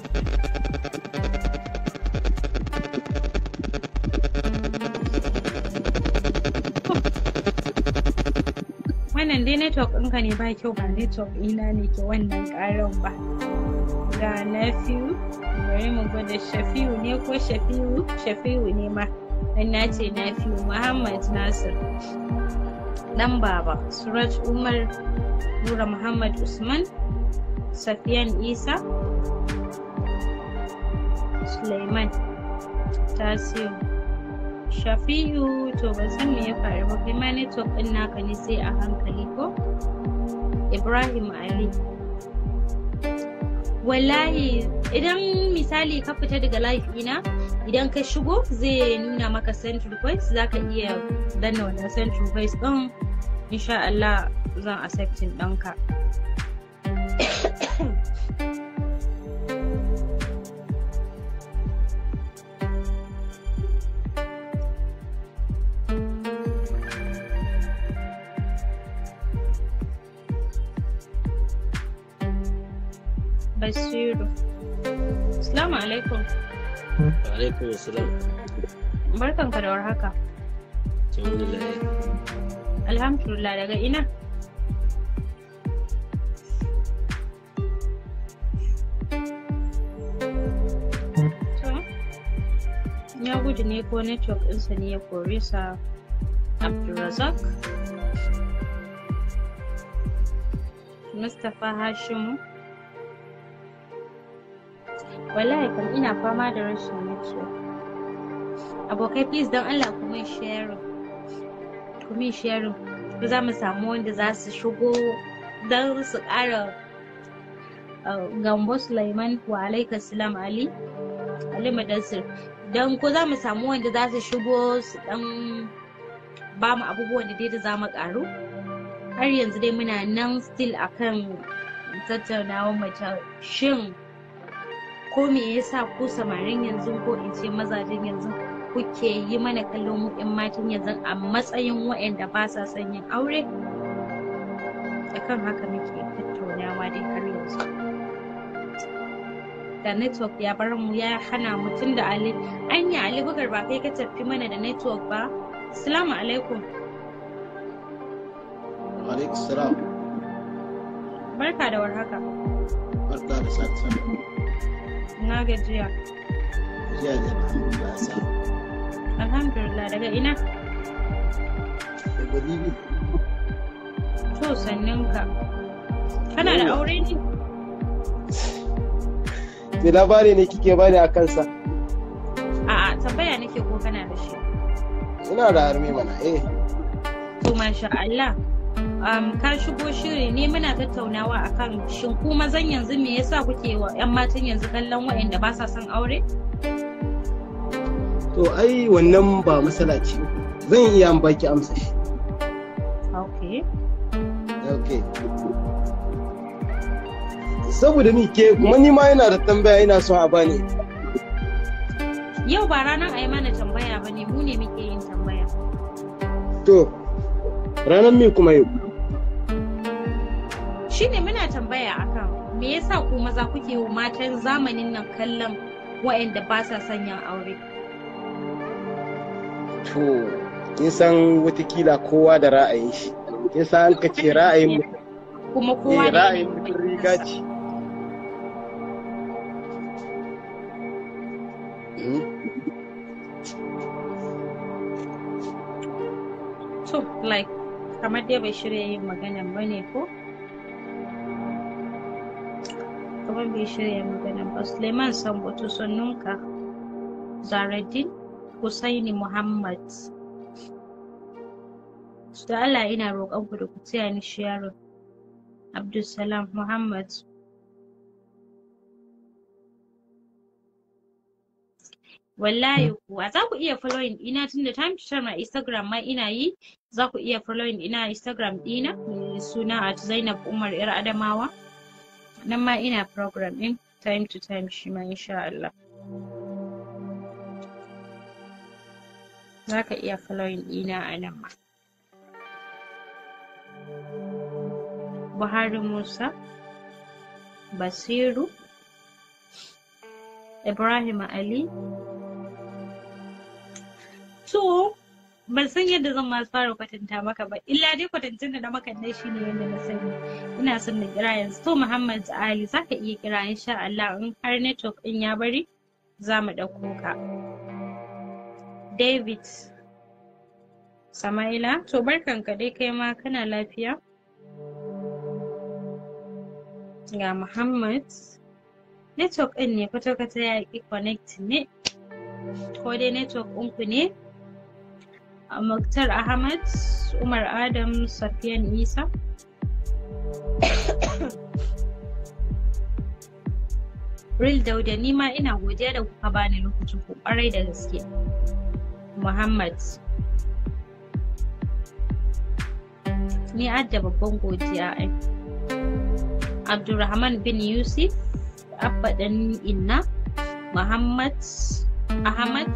dai network ɗinka ne ba kyau ba network ina ne ke wannan ƙarar ba ga nafiyu bari mu gwada shafiyu ne ko shafiyu shafiyu ne ma dan na ce muhammad nasir dan baba suraj umar nura muhammad usman safiyan isa suleiman tasiru shafi'u to ban san me ya faru ba kai ma network din naka ne sai a hankali ko ibrahim ali wallahi idan misali ka fita daga live ina idan ka shigo zai nuna maka central voice za iya danna wannan central voice ɗin insha Allah zan accepting ɗanka Basiru. Assalamu alaikum. Alaikum salam Barkan ka da war haka Alhamdulillah daga ina? ya gudu ne ko network ɗinsa ne ya kore sa abdulrazak mustapha hashimu wallahi kam ina fama da rashin network abokai please don Allah ku min sharing ku min sharing ku za mu samu wanda za su shigo don su ƙara uh, gambo Sulaiman wa alaika salam Ali Ali Madassir don ko za mu samu wanda za su shigo su dan ba mu abubuwan da dai da za mu ƙaru har yanzu dai muna nan still akan tattaunawar mace shin ko me yasa ku samarin yanzu ko in ce mazajen yanzu kuke yi mana kallon mu in matan yanzu a matsayin waɗanda ba sa son yin aure da kan haka muke tattaunawa dai har yanzu da network ya bar mu ya hana mu tun da ali anya ali bugar ba kai ka tafi mana da network ba assalamu alaikum alaikum salam barka da warhaka barka da sati Na gajiya. Gajiya da alhamdulillah sa. Alhamdulillah daga ina? Daga Bibi. To sannin Kana da aure ne? Me labari ne kike bani a kansa? A'a tambaya nake ko kana da shi. Ina da arme mana eh. To masha Allah. ka shigo shiri ne muna tattaunawa akan shin ku mazan yanzu me yasa kuke wa 'yan matan yanzu kallon waɗanda ba sa son aure? To ai wannan ba matsala ce zan iya baki amsa shi. Okay. Okay. Saboda ni ke kuma ni ma yana da tambaya yana son a bani. Yau ba ranar a yi mana tambaya ba ne mu ne muke yin tambaya. To, ranar me kuma yau? shine muna tambaya akan me yasa ku maza kuke wa matan zamanin nan kallon waɗanda ba sa sanyan aure to kin san watakila kowa da ra'ayin shi kin san ka ce ra'ayin kuma kowa eh, da ra'ayin mutum riga ce hmm? to like kamar dai bai shirya yin magana ba ne ko kamar bai shirya magana ba suleiman sambutu sunnunka zaradin husaini muhammad da allah ina roƙon ku da ku tsaya ni shiyarun abdulsalam muhammad wallahi kuwa za ku iya following ina tun da time to a instagram ma ina yi za ku iya following ina instagram ɗina? suna at zainab umar yar adamawa nan ma ina program din time to time shi ma insha Allah za ka iya following ɗina a nan ma Buhari Musa Basiru Ibrahim Ali to ban san yadda zan ma fara kwatanta maka ba illa dai kwatancin da na maka dai shine yadda na sani ina son na kira yanzu to Muhammad Ali zaka iya kira insha Allah in har network din ya bari za mu ɗauko ka David Sama'ila to barkanka dai kai ma kana lafiya ga Muhammad network din ne kwata-kwata ya ki connect ne ko dai network ku ne Muktar Ahmad, Umar Adam, Safiyan Isa. Real Dauda ni ma ina godiya da kuka bani lokacin ku ƙwarai da gaske. Muhammad ni adda babban godiya ai. Abdulrahman bin Yusuf, Abba ɗan Inna, Muhammad Ahmad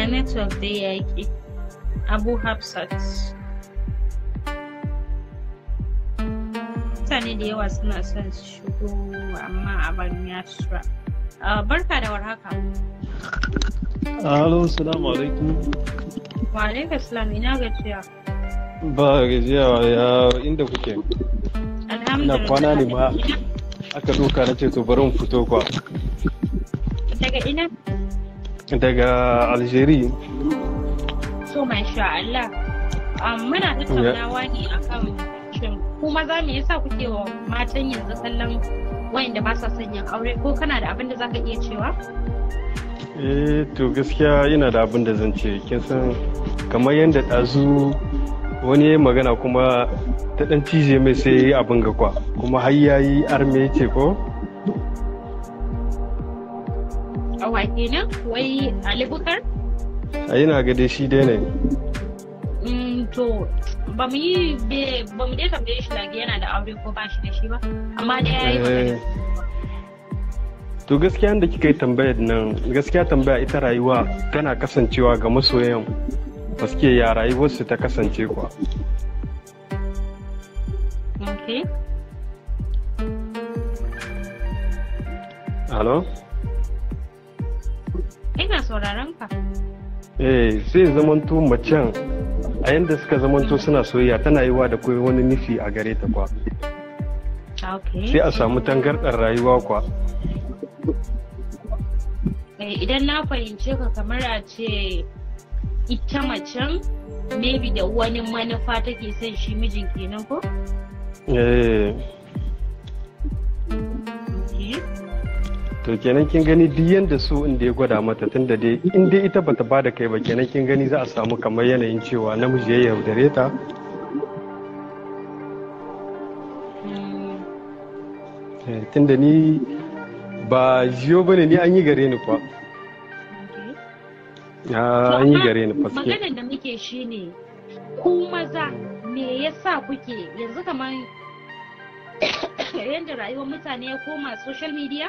ga network dai ya abu Hapsat. mutane da yawa suna son su shigo amma abin ya tura ah, barka da warhaka alo salamu alaikum wa alaikum salam ina gajiya ba gajiya ya inda kuke ina kwana ne ma aka doka na ce to bari mu fito kwa daga ina daga algeria so masha Allah muna tattaunawa ne akan shin kuma za mu yasa kuke wa matan yanzu kallon wayanda ba sa son yin aure ko kana da abin da za ka iya cewa eh to gaskiya yana da abin da zan ce kin san kamar yadda ɗazu wani ya magana kuma ta ɗan cije mai sai ya yi abin ga kwa kuma har ya yi arme ce ko Awa kenan wai Ali Bukar? A yana gade shi dai ne. Mm, to ba mu yi ba mu dai tambaye shi lagi yana da aure ko ba shi da shi ba amma dai ya yi eh. magana. To gaskiya da kika yi tambayar nan gaskiya tambaya ita rayuwa tana kasancewa ga masoyan ke ya su ta kasance kuwa. Halo? ina sauraron ka eh sai zamanto macen a yadda suka zamanto suna soyayya tana yiwa da koyi wani nufi a gare ta kwa sai a samu tangarɗar rayuwa kwa eh, idan na fahimce ka kamar a ce ita macen maybe da wani manufa take son shi mijin kenan ko? eh to kenan kin gani duk yanda su inda ya gwada mata tunda dai in dai ita bata ba da kai ba kenan kin gani za a samu kamar yanayin cewa namiji ya yaudare ta eh, da ni ba jiyo ne ni an yi gare ni kwa an yi gare ni faske maganin da muke shi ne ku maza me yasa kuke yanzu kamar yadda rayuwar mutane ya koma social media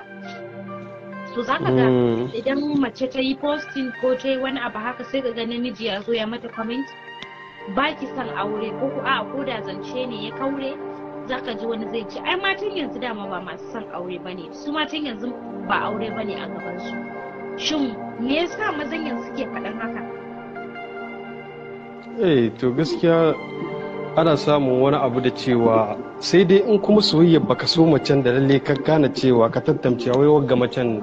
to za ka ga hmm. idan mace ta yi posting ko ta yi wani abu haka sai ka ga namiji ya zo ya mata comment ba ki son aure ko ku a ko da zance ne ya kaure za ka ji wani zai ce ai matan yanzu dama ba masu son aure ba ne su matan yanzu ba aure ba ne a gabansu shin me yasa mazan yanzu suke faɗin haka eh to gaskiya ana samun wani abu da cewa sai dai in kuma soyayya baka so macen da lalle ka gane cewa ka tantance wai wagga macen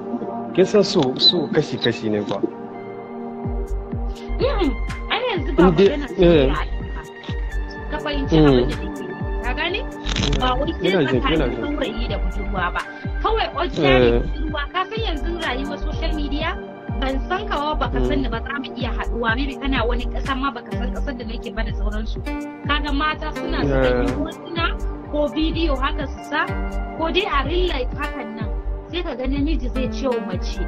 kin san so so kashi kashi ne ba hm, an yanzu ba magana eh. ka fahimci abin da hmm. ka gane ba wai sai tsakanin saurayi da budurwa ba kawai ordinary eh. budurwa ka san yanzu rayuwar social media ban san ka kawo baka san hmm. da ba za mu iya haduwa maybe kana wani kasa ma baka san kasar da nake ba da sauransu kaga mata suna eh. suna ko bidiyo haka su sa ko dai a real life hakan nan sai ka ga namiji zai ce wa mace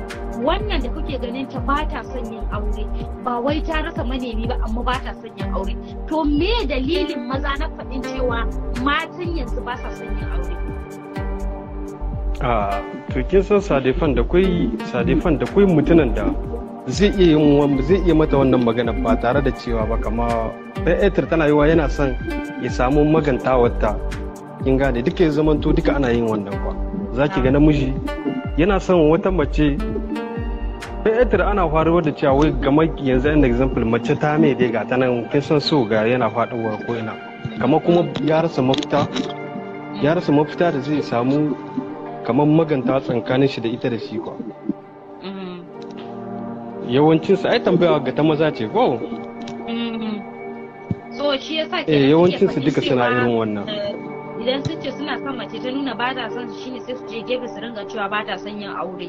wannan da kuke ganin ta ba ta son yin aure ba wai ta rasa manemi ba amma ba ta son yin aure to me dalilin maza na faɗin cewa matan yanzu ba sa son yin aure Ah, to kin san sadefan da kai sadefan da kai mutunan da zai iya yin zai iya mata wannan magana ba tare da cewa ba kama ɗan tana yiwa yana son ya samu magantawarta kin gane duka ya zamanto duka ana yin wannan kwa za ki ga namiji yana son wata mace fetur ana faruwa da cewa wai gama yanzu an example mace ta mai dai ga ta nan kin san so ga yana faduwa ko ina kamar kuma ya rasa mafita ya rasa mafita da zai samu kamar maganta tsakanin shi da ita da shi kwa mm-hmm. yawancin sa ai tambaya ga ta maza ce ko mm-hmm. so shi yasa ke eh, yawancin su duka suna irin wannan eh, idan sun ce suna son mace ta nuna ba ta son su shine sai su je gefe su ringa cewa ba ta son yin aure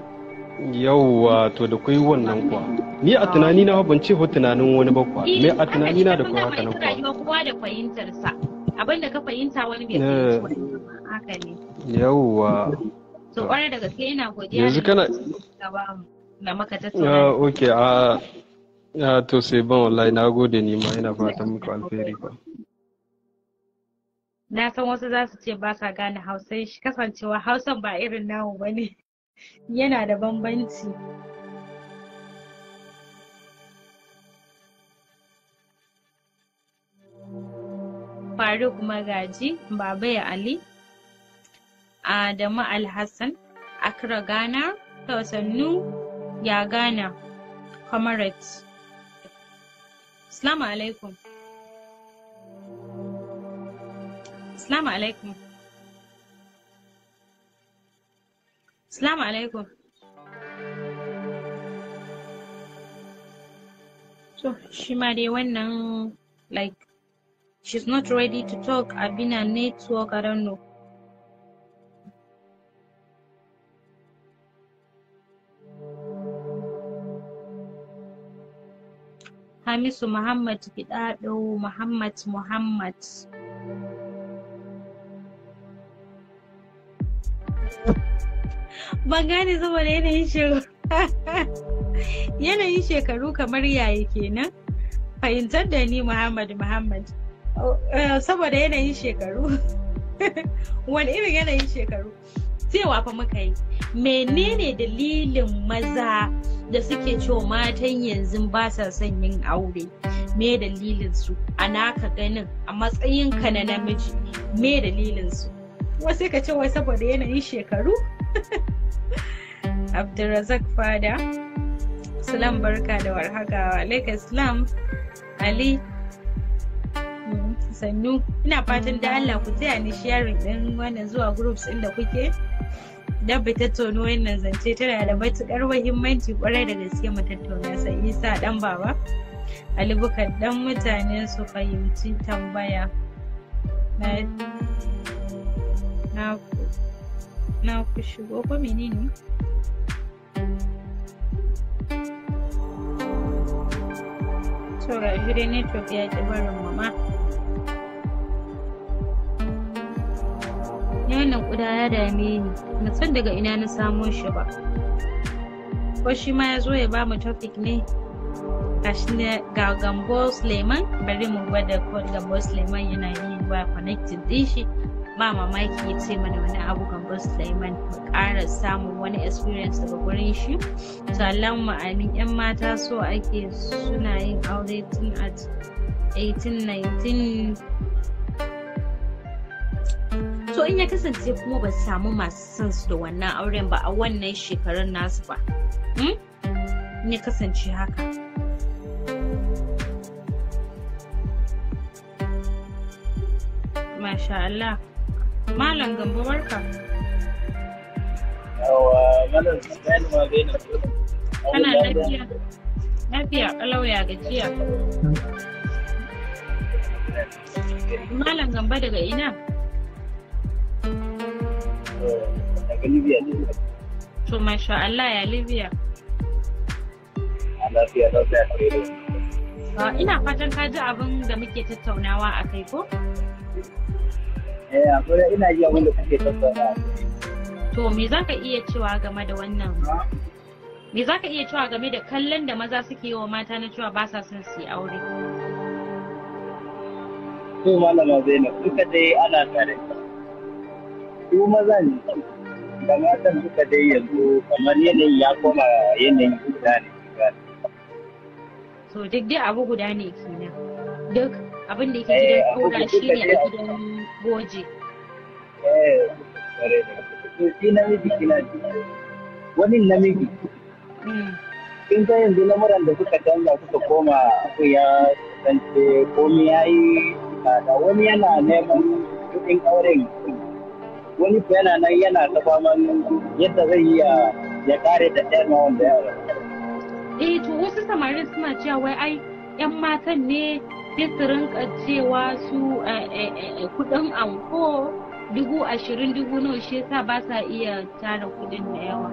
yauwa to da kai wannan kuwa ni a tunani na ban ce tunanin wani ba kuwa me a tunani na da kuwa haka nan kuwa eh, da fahimtar sa abin da ka fahimta wani bai fahimci eh. wani haka ne yauwa to kwarai da gaske ina godiya yanzu kana na maka tattauna ah, okay a ah, ah, to sai ban wallahi na gode ni ma ina fatan muku alheri ba na san wasu za su ce ba sa gane Hausai shi kasancewa hausan ba irin namu ba ne yana da bambanci faruk magaji babaya ali adamu alhassan akra ghana tausannu ya ghana comrades Assalamu alaikum. Assalamu alaikum. Assalamu alaikum. To, shi ma dai wannan like she's not ready to talk I've been a network I don't know. Hamisu Muhammad Gidado Muhammad Muhammad. ban gane saboda yanayin shekaru yanayin shekaru kamar yaya kenan fahimtar da ni muhammad muhammad oh, eh, saboda yanayin shekaru wani irin yanayin shekaru cewa fa muka yi menene dalilin maza da suke cewa matan yanzu ba sa son yin aure me dalilin su ana ka ganin a matsayin ka na namiji me dalilin su kuma sai ka ce wai saboda yanayin shekaru abdulrazak fada salam barka da warhaka alaika islam ali sannu ina fatan da allah ku taya ni sharing din wannan zuwa groups inda kuke dabba ta tono wannan zance tana da matukar muhimmanci kwarai da gaske mu tattauna sai isa dan baba alibukan dan mutane su fahimci tambaya na ku na shigo ko ne? to ya ki barin mama wannan kuda ya dame ni na san daga ina na samo shi ba ko shi ma ya zo ya ba mu topic ne ga gambo suleiman bari mu gwada ko gambo suleiman yana yi ba connected din ba mamaki ya ce mana wani abu ba su mu ƙara samun wani experience daga gurin shi sallan mu amin yan mata so ake suna yin aure tun at 1819. To so in ya kasance kuma ba samu masu son su da wannan auren ba a wannan shekarun nasu ba hmm? in ya kasance haka masha Allah Malam Gambo barka. Yawa, Malam Sani ma bai na Kana lafiya? Lafiya kalau gajiya. Malam Gambo daga ina? Daga Libya ne. To masha Allah ya Libya. Lafiya lafiya ah, ina fatan ka ji abin da muke tattaunawa a kai ko? Eh, ina ji abin da kuke tattauna. To me za ka iya cewa game da wannan? Me za ka iya cewa game da kallon da maza suke yi wa mata na cewa ba sa son su yi aure? To malama Zainab, duka dai ana tare. Ku maza ne da matan duka dai yanzu kamar yanayi ya koma yanayi guda ne. So duk dai abu guda ne kenan. Duk abin da yake gidan eh, kora shi ne a gidan goji eh, shi namiji kina wani namiji hmm. in ka yanzu lamuran da suka canza suka koma ku ya kasance komi ya yi tsada wani yana neman kuɗin auren wani ku yana nan yana ta faman yadda zai yi ya kare da ɗaya na wanda ya Eh to wasu samarin suna cewa wai ai 'yan matan ne sai su rinka cewa su eh, eh, eh, kudin anko dubu ashirin dubu nawa shi yasa ba sa iya tara kudin da yawa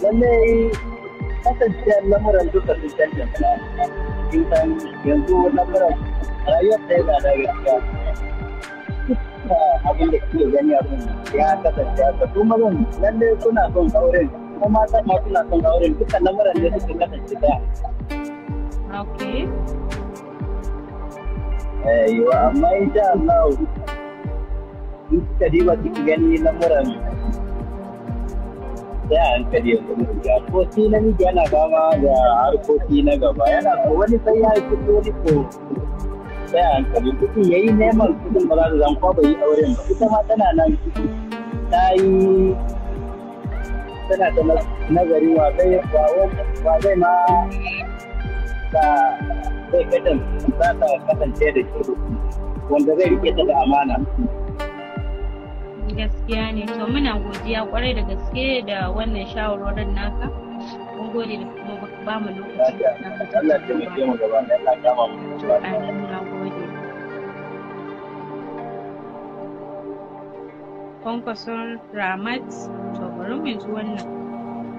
lallai kasancewar lamuran duka sun canja yanzu lamuran rayuwar da ya da gaskiya abin da ke gani abin ya kasance haka kasu mazan lallai suna son saurin kuma matan ma suna son auren dukkan lamuran da suke kasance daya. Okay. Aiwa amma insha Allah in kika diba kika gani lamuran sai a hankali ya kuma ya ko shi namiji yana fama da harkoki na gaba yana ko wani sai ya yi wani ko sai a hankali kuɗi ya yi neman kuɗin ba za su zama bai yi auren ba ita ma tana nan ta yi tana da nazari wa zai wa zai ma ta zai kadan za ta kasance da shi wanda zai rike ta da amana gaskiya ne to muna godiya kwarai da gaske da wannan shawarwarin naka mun gode da kuma ba mu lokaci Allah ya taimake mu gaba ɗaya Allah ya kama mu kwankwason ramat to bari mu ji wannan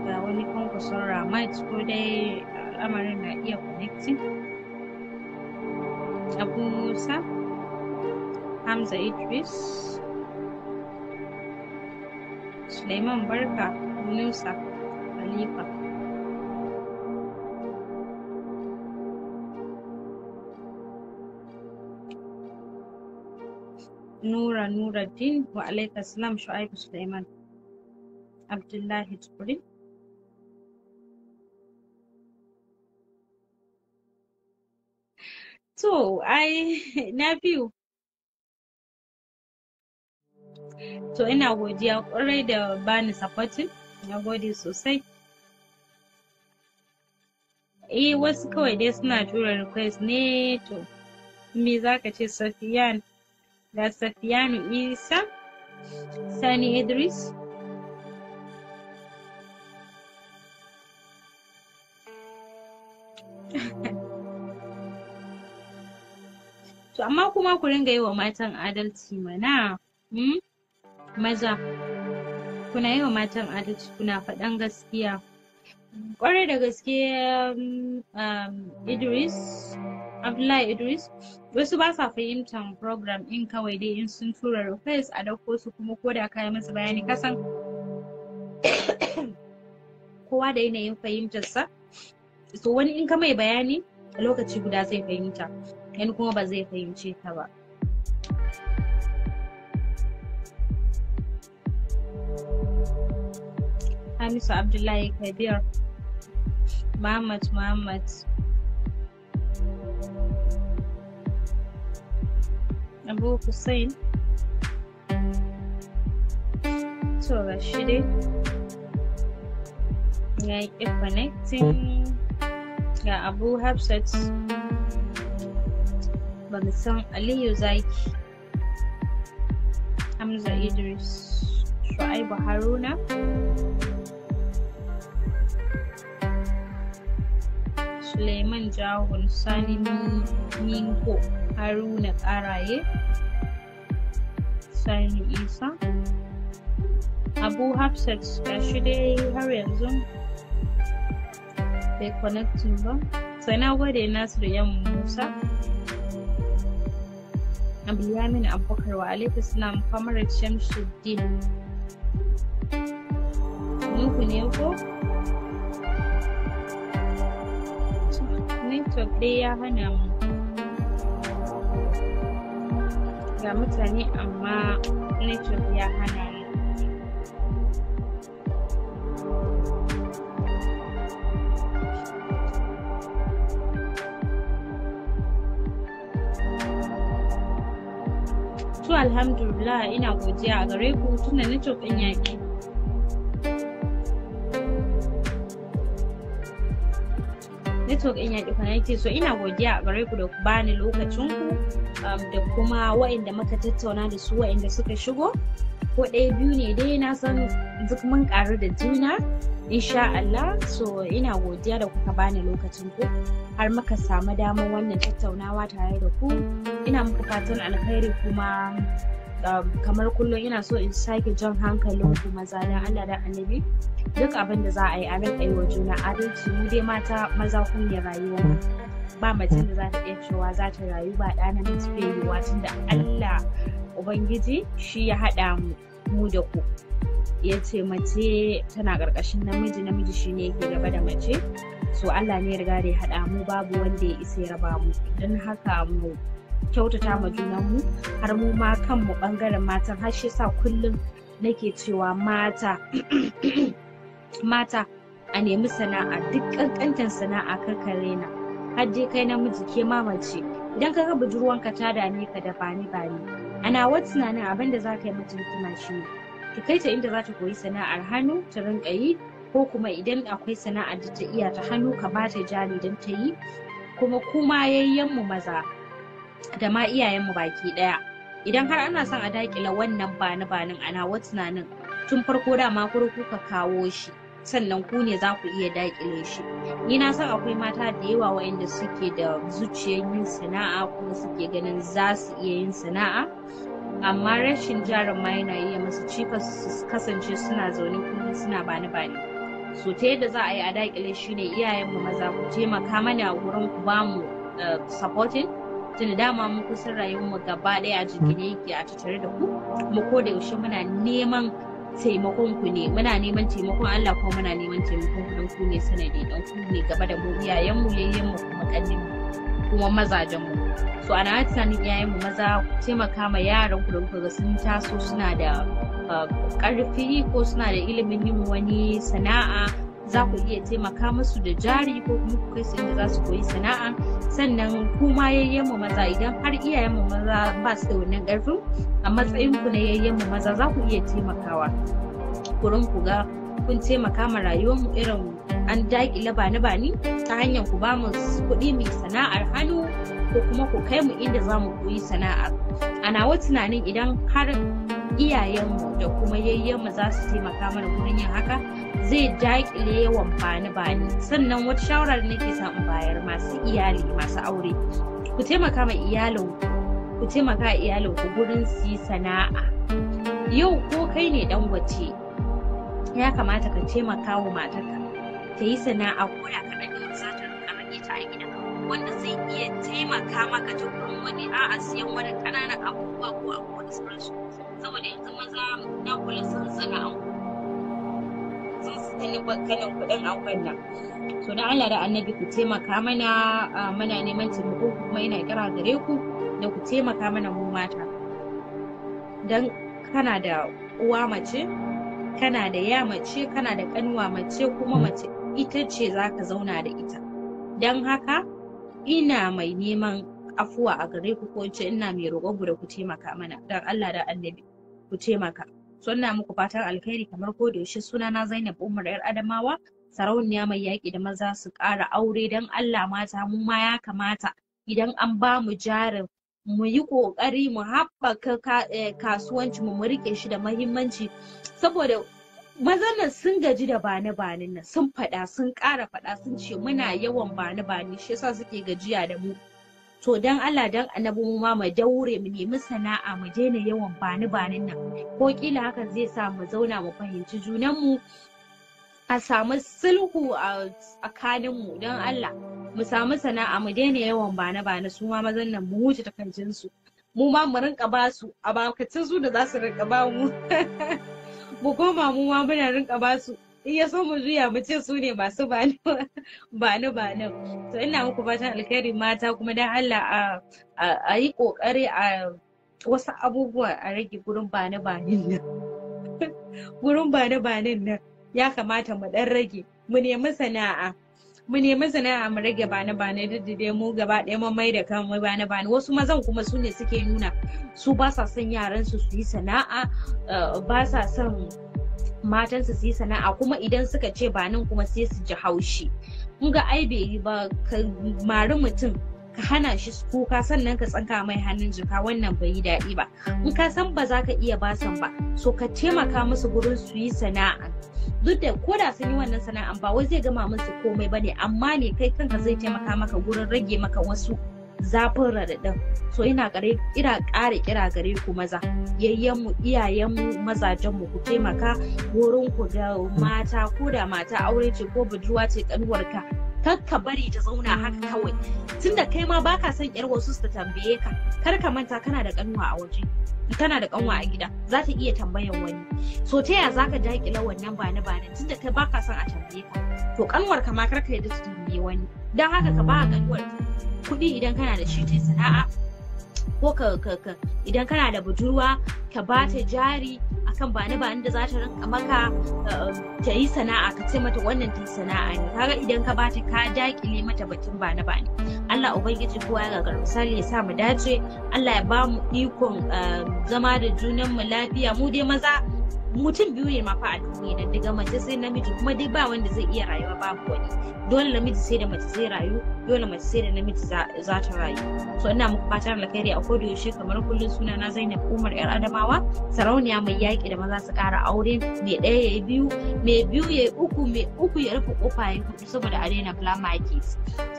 ga wani kwankwason ramat ko dai al'amarin na iya connecting abu musa hamza idris suleiman barka musa khalifa Nura Nuruddin wa alaika salam Shu'aibu Sulaiman Abdullahi Jibril To, ai na biyu. To, ina godiya ƙwarai da bani supporting, na gode sosai. Eh, wasu kawai dai suna tura request ne to, me za ka ce Safiyan? da Isa, Sani Idris, To amma kuma ku ringa yi wa matan adalci mana, hmm? maza, kuna yi wa matan adalci kuna faɗan gaskiya. Ƙwarai da gaske um, um, Idris Abdullahi Idris wasu ba sa fahimtar program in kawai dai in sun tura request a dauko su kuma ko da kayan musu bayani kasan kowa da yanayin fahimtarsa so wani in ka mai bayani a lokaci guda zai fahimta wani kuma ba zai fahimce ta ba Hamisu Abdullahi Kabir Muhammad Muhammad abu hussein to ga ya connecting ga hmm. abu hafsat ba san aliyu zaki hamza idris shu'aibu haruna suleiman jahun sani minko haruna karaye sani isa abu hafsat gashi dai har yanzu bai connectin ba sai na gode da yan musa abdulyamin abubakar wa alaikum salam kamar shamsuddin muku ne ko network dai ya hana mu ga mutane amma nature ya hana ni to alhamdulillah ina godiya a gare ku tunda nature ɗin yaƙi network in yaƙi connected so ina godiya a gare ku da ku bani lokacin ku um, da kuma wa'inda muka tattauna da su wa'inda suka shigo ko ɗaya biyu ne dai na san duk mun karu da juna insha Allah so ina godiya da kuka bani lokacin ku har muka samu damar wannan tattaunawa tare da ku ina muku fatan alkhairi kuma Um, kamar kullum ina so in sake jan hankalin ku maza dan Allah da annabi duk abin da za a yi a rinka yi wa juna adalci mu dai mata maza kun ne rayuwa ba mace da za ta iya cewa za ta rayu ba ɗa na mace bai yiwuwa tunda Allah Ubangiji shi ya haɗa mu da ku ya ce mace tana karkashin namiji namiji shi ne yake gaba da mace so Allah ne ya riga da ya haɗa mu babu wanda ya isa ya raba mu don haka mu kyautata ma junanmu har mu ma kanmu bangaren matan har shi sa kullum nake cewa mata mata a nemi sana'a duk kankantan sana'a karka rena har dai kai namiji ke mamace idan ka ga budurwanka ta dame ka da bani bani ana wa tunanin abin da za ka yi mata hikima shi ne ki kai ta inda za ta koyi sana'ar hannu ta rinka yi ko kuma idan akwai sana'ar da ta iya ta hannu ka ba ta jari don ta yi kuma kuma yayyen mu maza da ma iyayenmu baki ɗaya. Idan har ana son a daƙila wannan bani banin ana wa tunanin tun farko dama kurku kuka kawo shi sannan ku ne za ku iya daƙile shi. Ni na san akwai mata da yawa waɗanda suke da zuciyar yin sana'a kuma suke ganin za su iya yin sana'a amma rashin jarin ma yana iya masu cikas su kasance suna zaune kuma suna bani bani so ta yadda za a yi a dakile shine iyayen mu maza ku taimaka mana a gurin ku bamu eh, supporting tunda dama mun kusan rayuwar mu gaba ɗaya a jikine yake a tattare da ku mu ko da yaushe muna neman taimakon ku ne muna neman taimakon Allah ko muna neman taimakon ku don ku ne sanadi don ku ne gaba da mu iyayen mu yayyen mu kuma kallin mu kuma mazajen mu so ana tunanin iyayen mu maza taimaka ma yaran ku don ku ga sun taso suna da karfi ah, ko suna da ilimin yin wani sana'a za ku iya taimaka musu da jari ko kuma ku kai su inda za su koyi sana'a sannan kuma mu maza idan har iyayen mu maza ba su da wannan ƙarfin a matsayin ku na mu maza za ku iya taimakawa kurin ku ga kun taimaka ma rayuwarmu irin an daƙile ba bani ta hanyar ku ba mu kuɗi mai sana'ar hannu ko kuma ku kai mu inda za mu koyi sana'a a nawa tunanin idan har mu da kuma yayyenmu za su taimaka mana wurin yin haka zai daƙile yawan bani bani sannan wata shawarar da nake samun bayar masu iyali masu aure ku taimaka ma iyalin ku taimaka ku gurin su yi sana'a yau ko kai ne dan wace ya kamata ka taimaka wa matarka ta yi sana'a ko da kaɗan ne za ta rika rage ta a gida wanda zai iya taimaka maka ta gurin wani a'a siyan wani ƙananan abubuwa ko abubuwa da sauransu saboda yanzu maza na kula sun sana'an je su kanin kudin an so da Allah da annabi ku taimaka mana muna neman taimako kuma ina kira gare ku da ku taimaka mana mu mata dan kana da uwa mace kana da ya mace kana da kanuwa mace kuma mace ita ce za ka zauna da ita dan haka ina mai neman afuwa a gare ku ko ina mai roƙon ku da ku taimaka mana don Allah da annabi ku taimaka sunna muku fatan alkhairi kamar ko da yaushe sunana Zainab Umar yar Adamawa sarauniya mai yaki da maza su ƙara aure dan Allah mata mu ma ya kamata idan an ba mu jarin mu yi ƙoƙari mu haɓaka eh, kasuwanci mu riƙe shi da muhimmanci. saboda mazan nan sun gaji da bani banin nan sun faɗa sun ƙara faɗa sun ce muna yawan bani bani shi yasa suke gajiya da mu to dan Allah dan annabi mu ma mu daure mu nemi sana'a mu daina yawan bani banin nan ko kila haka zai sa mu zauna mu fahimci junanmu a samu sulhu a mu don Allah mu samu sana'a mu daina yawan bani bani su ma mazan nan mu huce takancin su mu ma mu rinka ba su a bakacin su da za su rinka ba mu mu koma mu ma muna rinka ba su in ya so mu juya mu ce su ne masu bani bani ni to ina muku fatan alkhairi mata kuma dan Allah a yi kokari a wasu abubuwa a rage gurin bani ni nan gurin bani ni nan ya kamata mu dan rage mu nemi sana'a mu nemi sana'a mu rage bani bani ni da dai mu gaba ɗaya mu mai da kan mu bani bani wasu mazan kuma su ne suke nuna su ba sa son yaran su su yi sana'a eh, ba sa son matansa su yi sana'a kuma idan suka ce ba nan kuma sai su ji haushi kun ga ai bai ba ka mari mutum ka hana shi kuka sannan ka tsanka mai hannun jika wannan bai yi daɗi ba in ka san ba za ka iya basan ba so ka taimaka musu gurin su yi sana'a duk da ko da sun yi wannan sana'a ba wai zai gama musu komai ba ne amma ne kai kanka zai taimaka maka gurin rage maka wasu zafin raɗaɗin so ina gare ina ƙara kira gare ku maza mu, iyayenmu mazajenmu ku taimaka wurin ku da mata ko da mata aure ce ko budurwa ce kanuwarka kar ka bari ta zauna haka kawai tunda kai ma baka son yar wasu su tambaye ka kar ka manta kana da ƙanwa a waje kana da kanwa a gida za ta iya tambayan wani so ta yaya zaka dakila wannan bani bani tunda kai baka son a tambaye ka to kanwar ka ma kar ka yadda ta tambaye wani don haka ka ba ganuwar kudi idan kana da shi ta sana'a ko ka idan kana da budurwa ka ba ta jari akan ba ni da za ta rinka maka eh, ta yi sana'a ka ce mata wannan ta sana'a ne kaga idan ka ba ta ka dakile mata batun ba na ba Allah ubangiji kowa ya gagar misali ya sa mu dace Allah ya ba mu ikon eh, zama da junan mu lafiya mu dai maza mutum biyu ne mafa a duniya da daga mace sai namiji kuma dai ba wanda zai iya rayuwa babu wani dole namiji sai da mace zai rayu dole mace sai da namiji za ta rayu so ina muku fatan alkhairi a koda yaushe kamar kullum suna na Zainab Umar yar Adamawa sarauniya mai yaki da maza su kara aure mai ɗaya ya biyu mai biyu ya uku mai uku ya rufe kofa ya hudu saboda arena plan market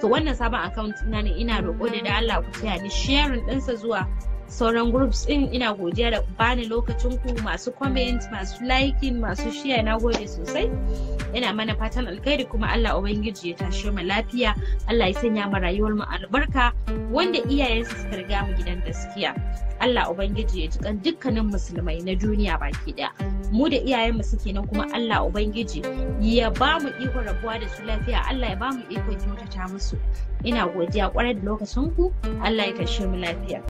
so wannan sabon account na ne ina roƙo da da Allah ku taya ni sharing ɗinsa zuwa sauran groups din ina godiya da bani lokacin ku masu comment mm. masu liking masu share na gode sosai ina mana fatan alkhairi kuma Allah ubangiji ya tashe mu lafiya Allah ya sanya mu rayuwar mu albarka wanda su suka riga mu gidan gaskiya Allah ubangiji ya ji dukkanin musulmai na duniya baki daya mu da iyayen mu suke nan kuma Allah ubangiji ya ba mu iko rabuwa da su lafiya Allah ya ba mu iko kyautata musu ina godiya kwarai da lokacin ku Allah ya tashe mu lafiya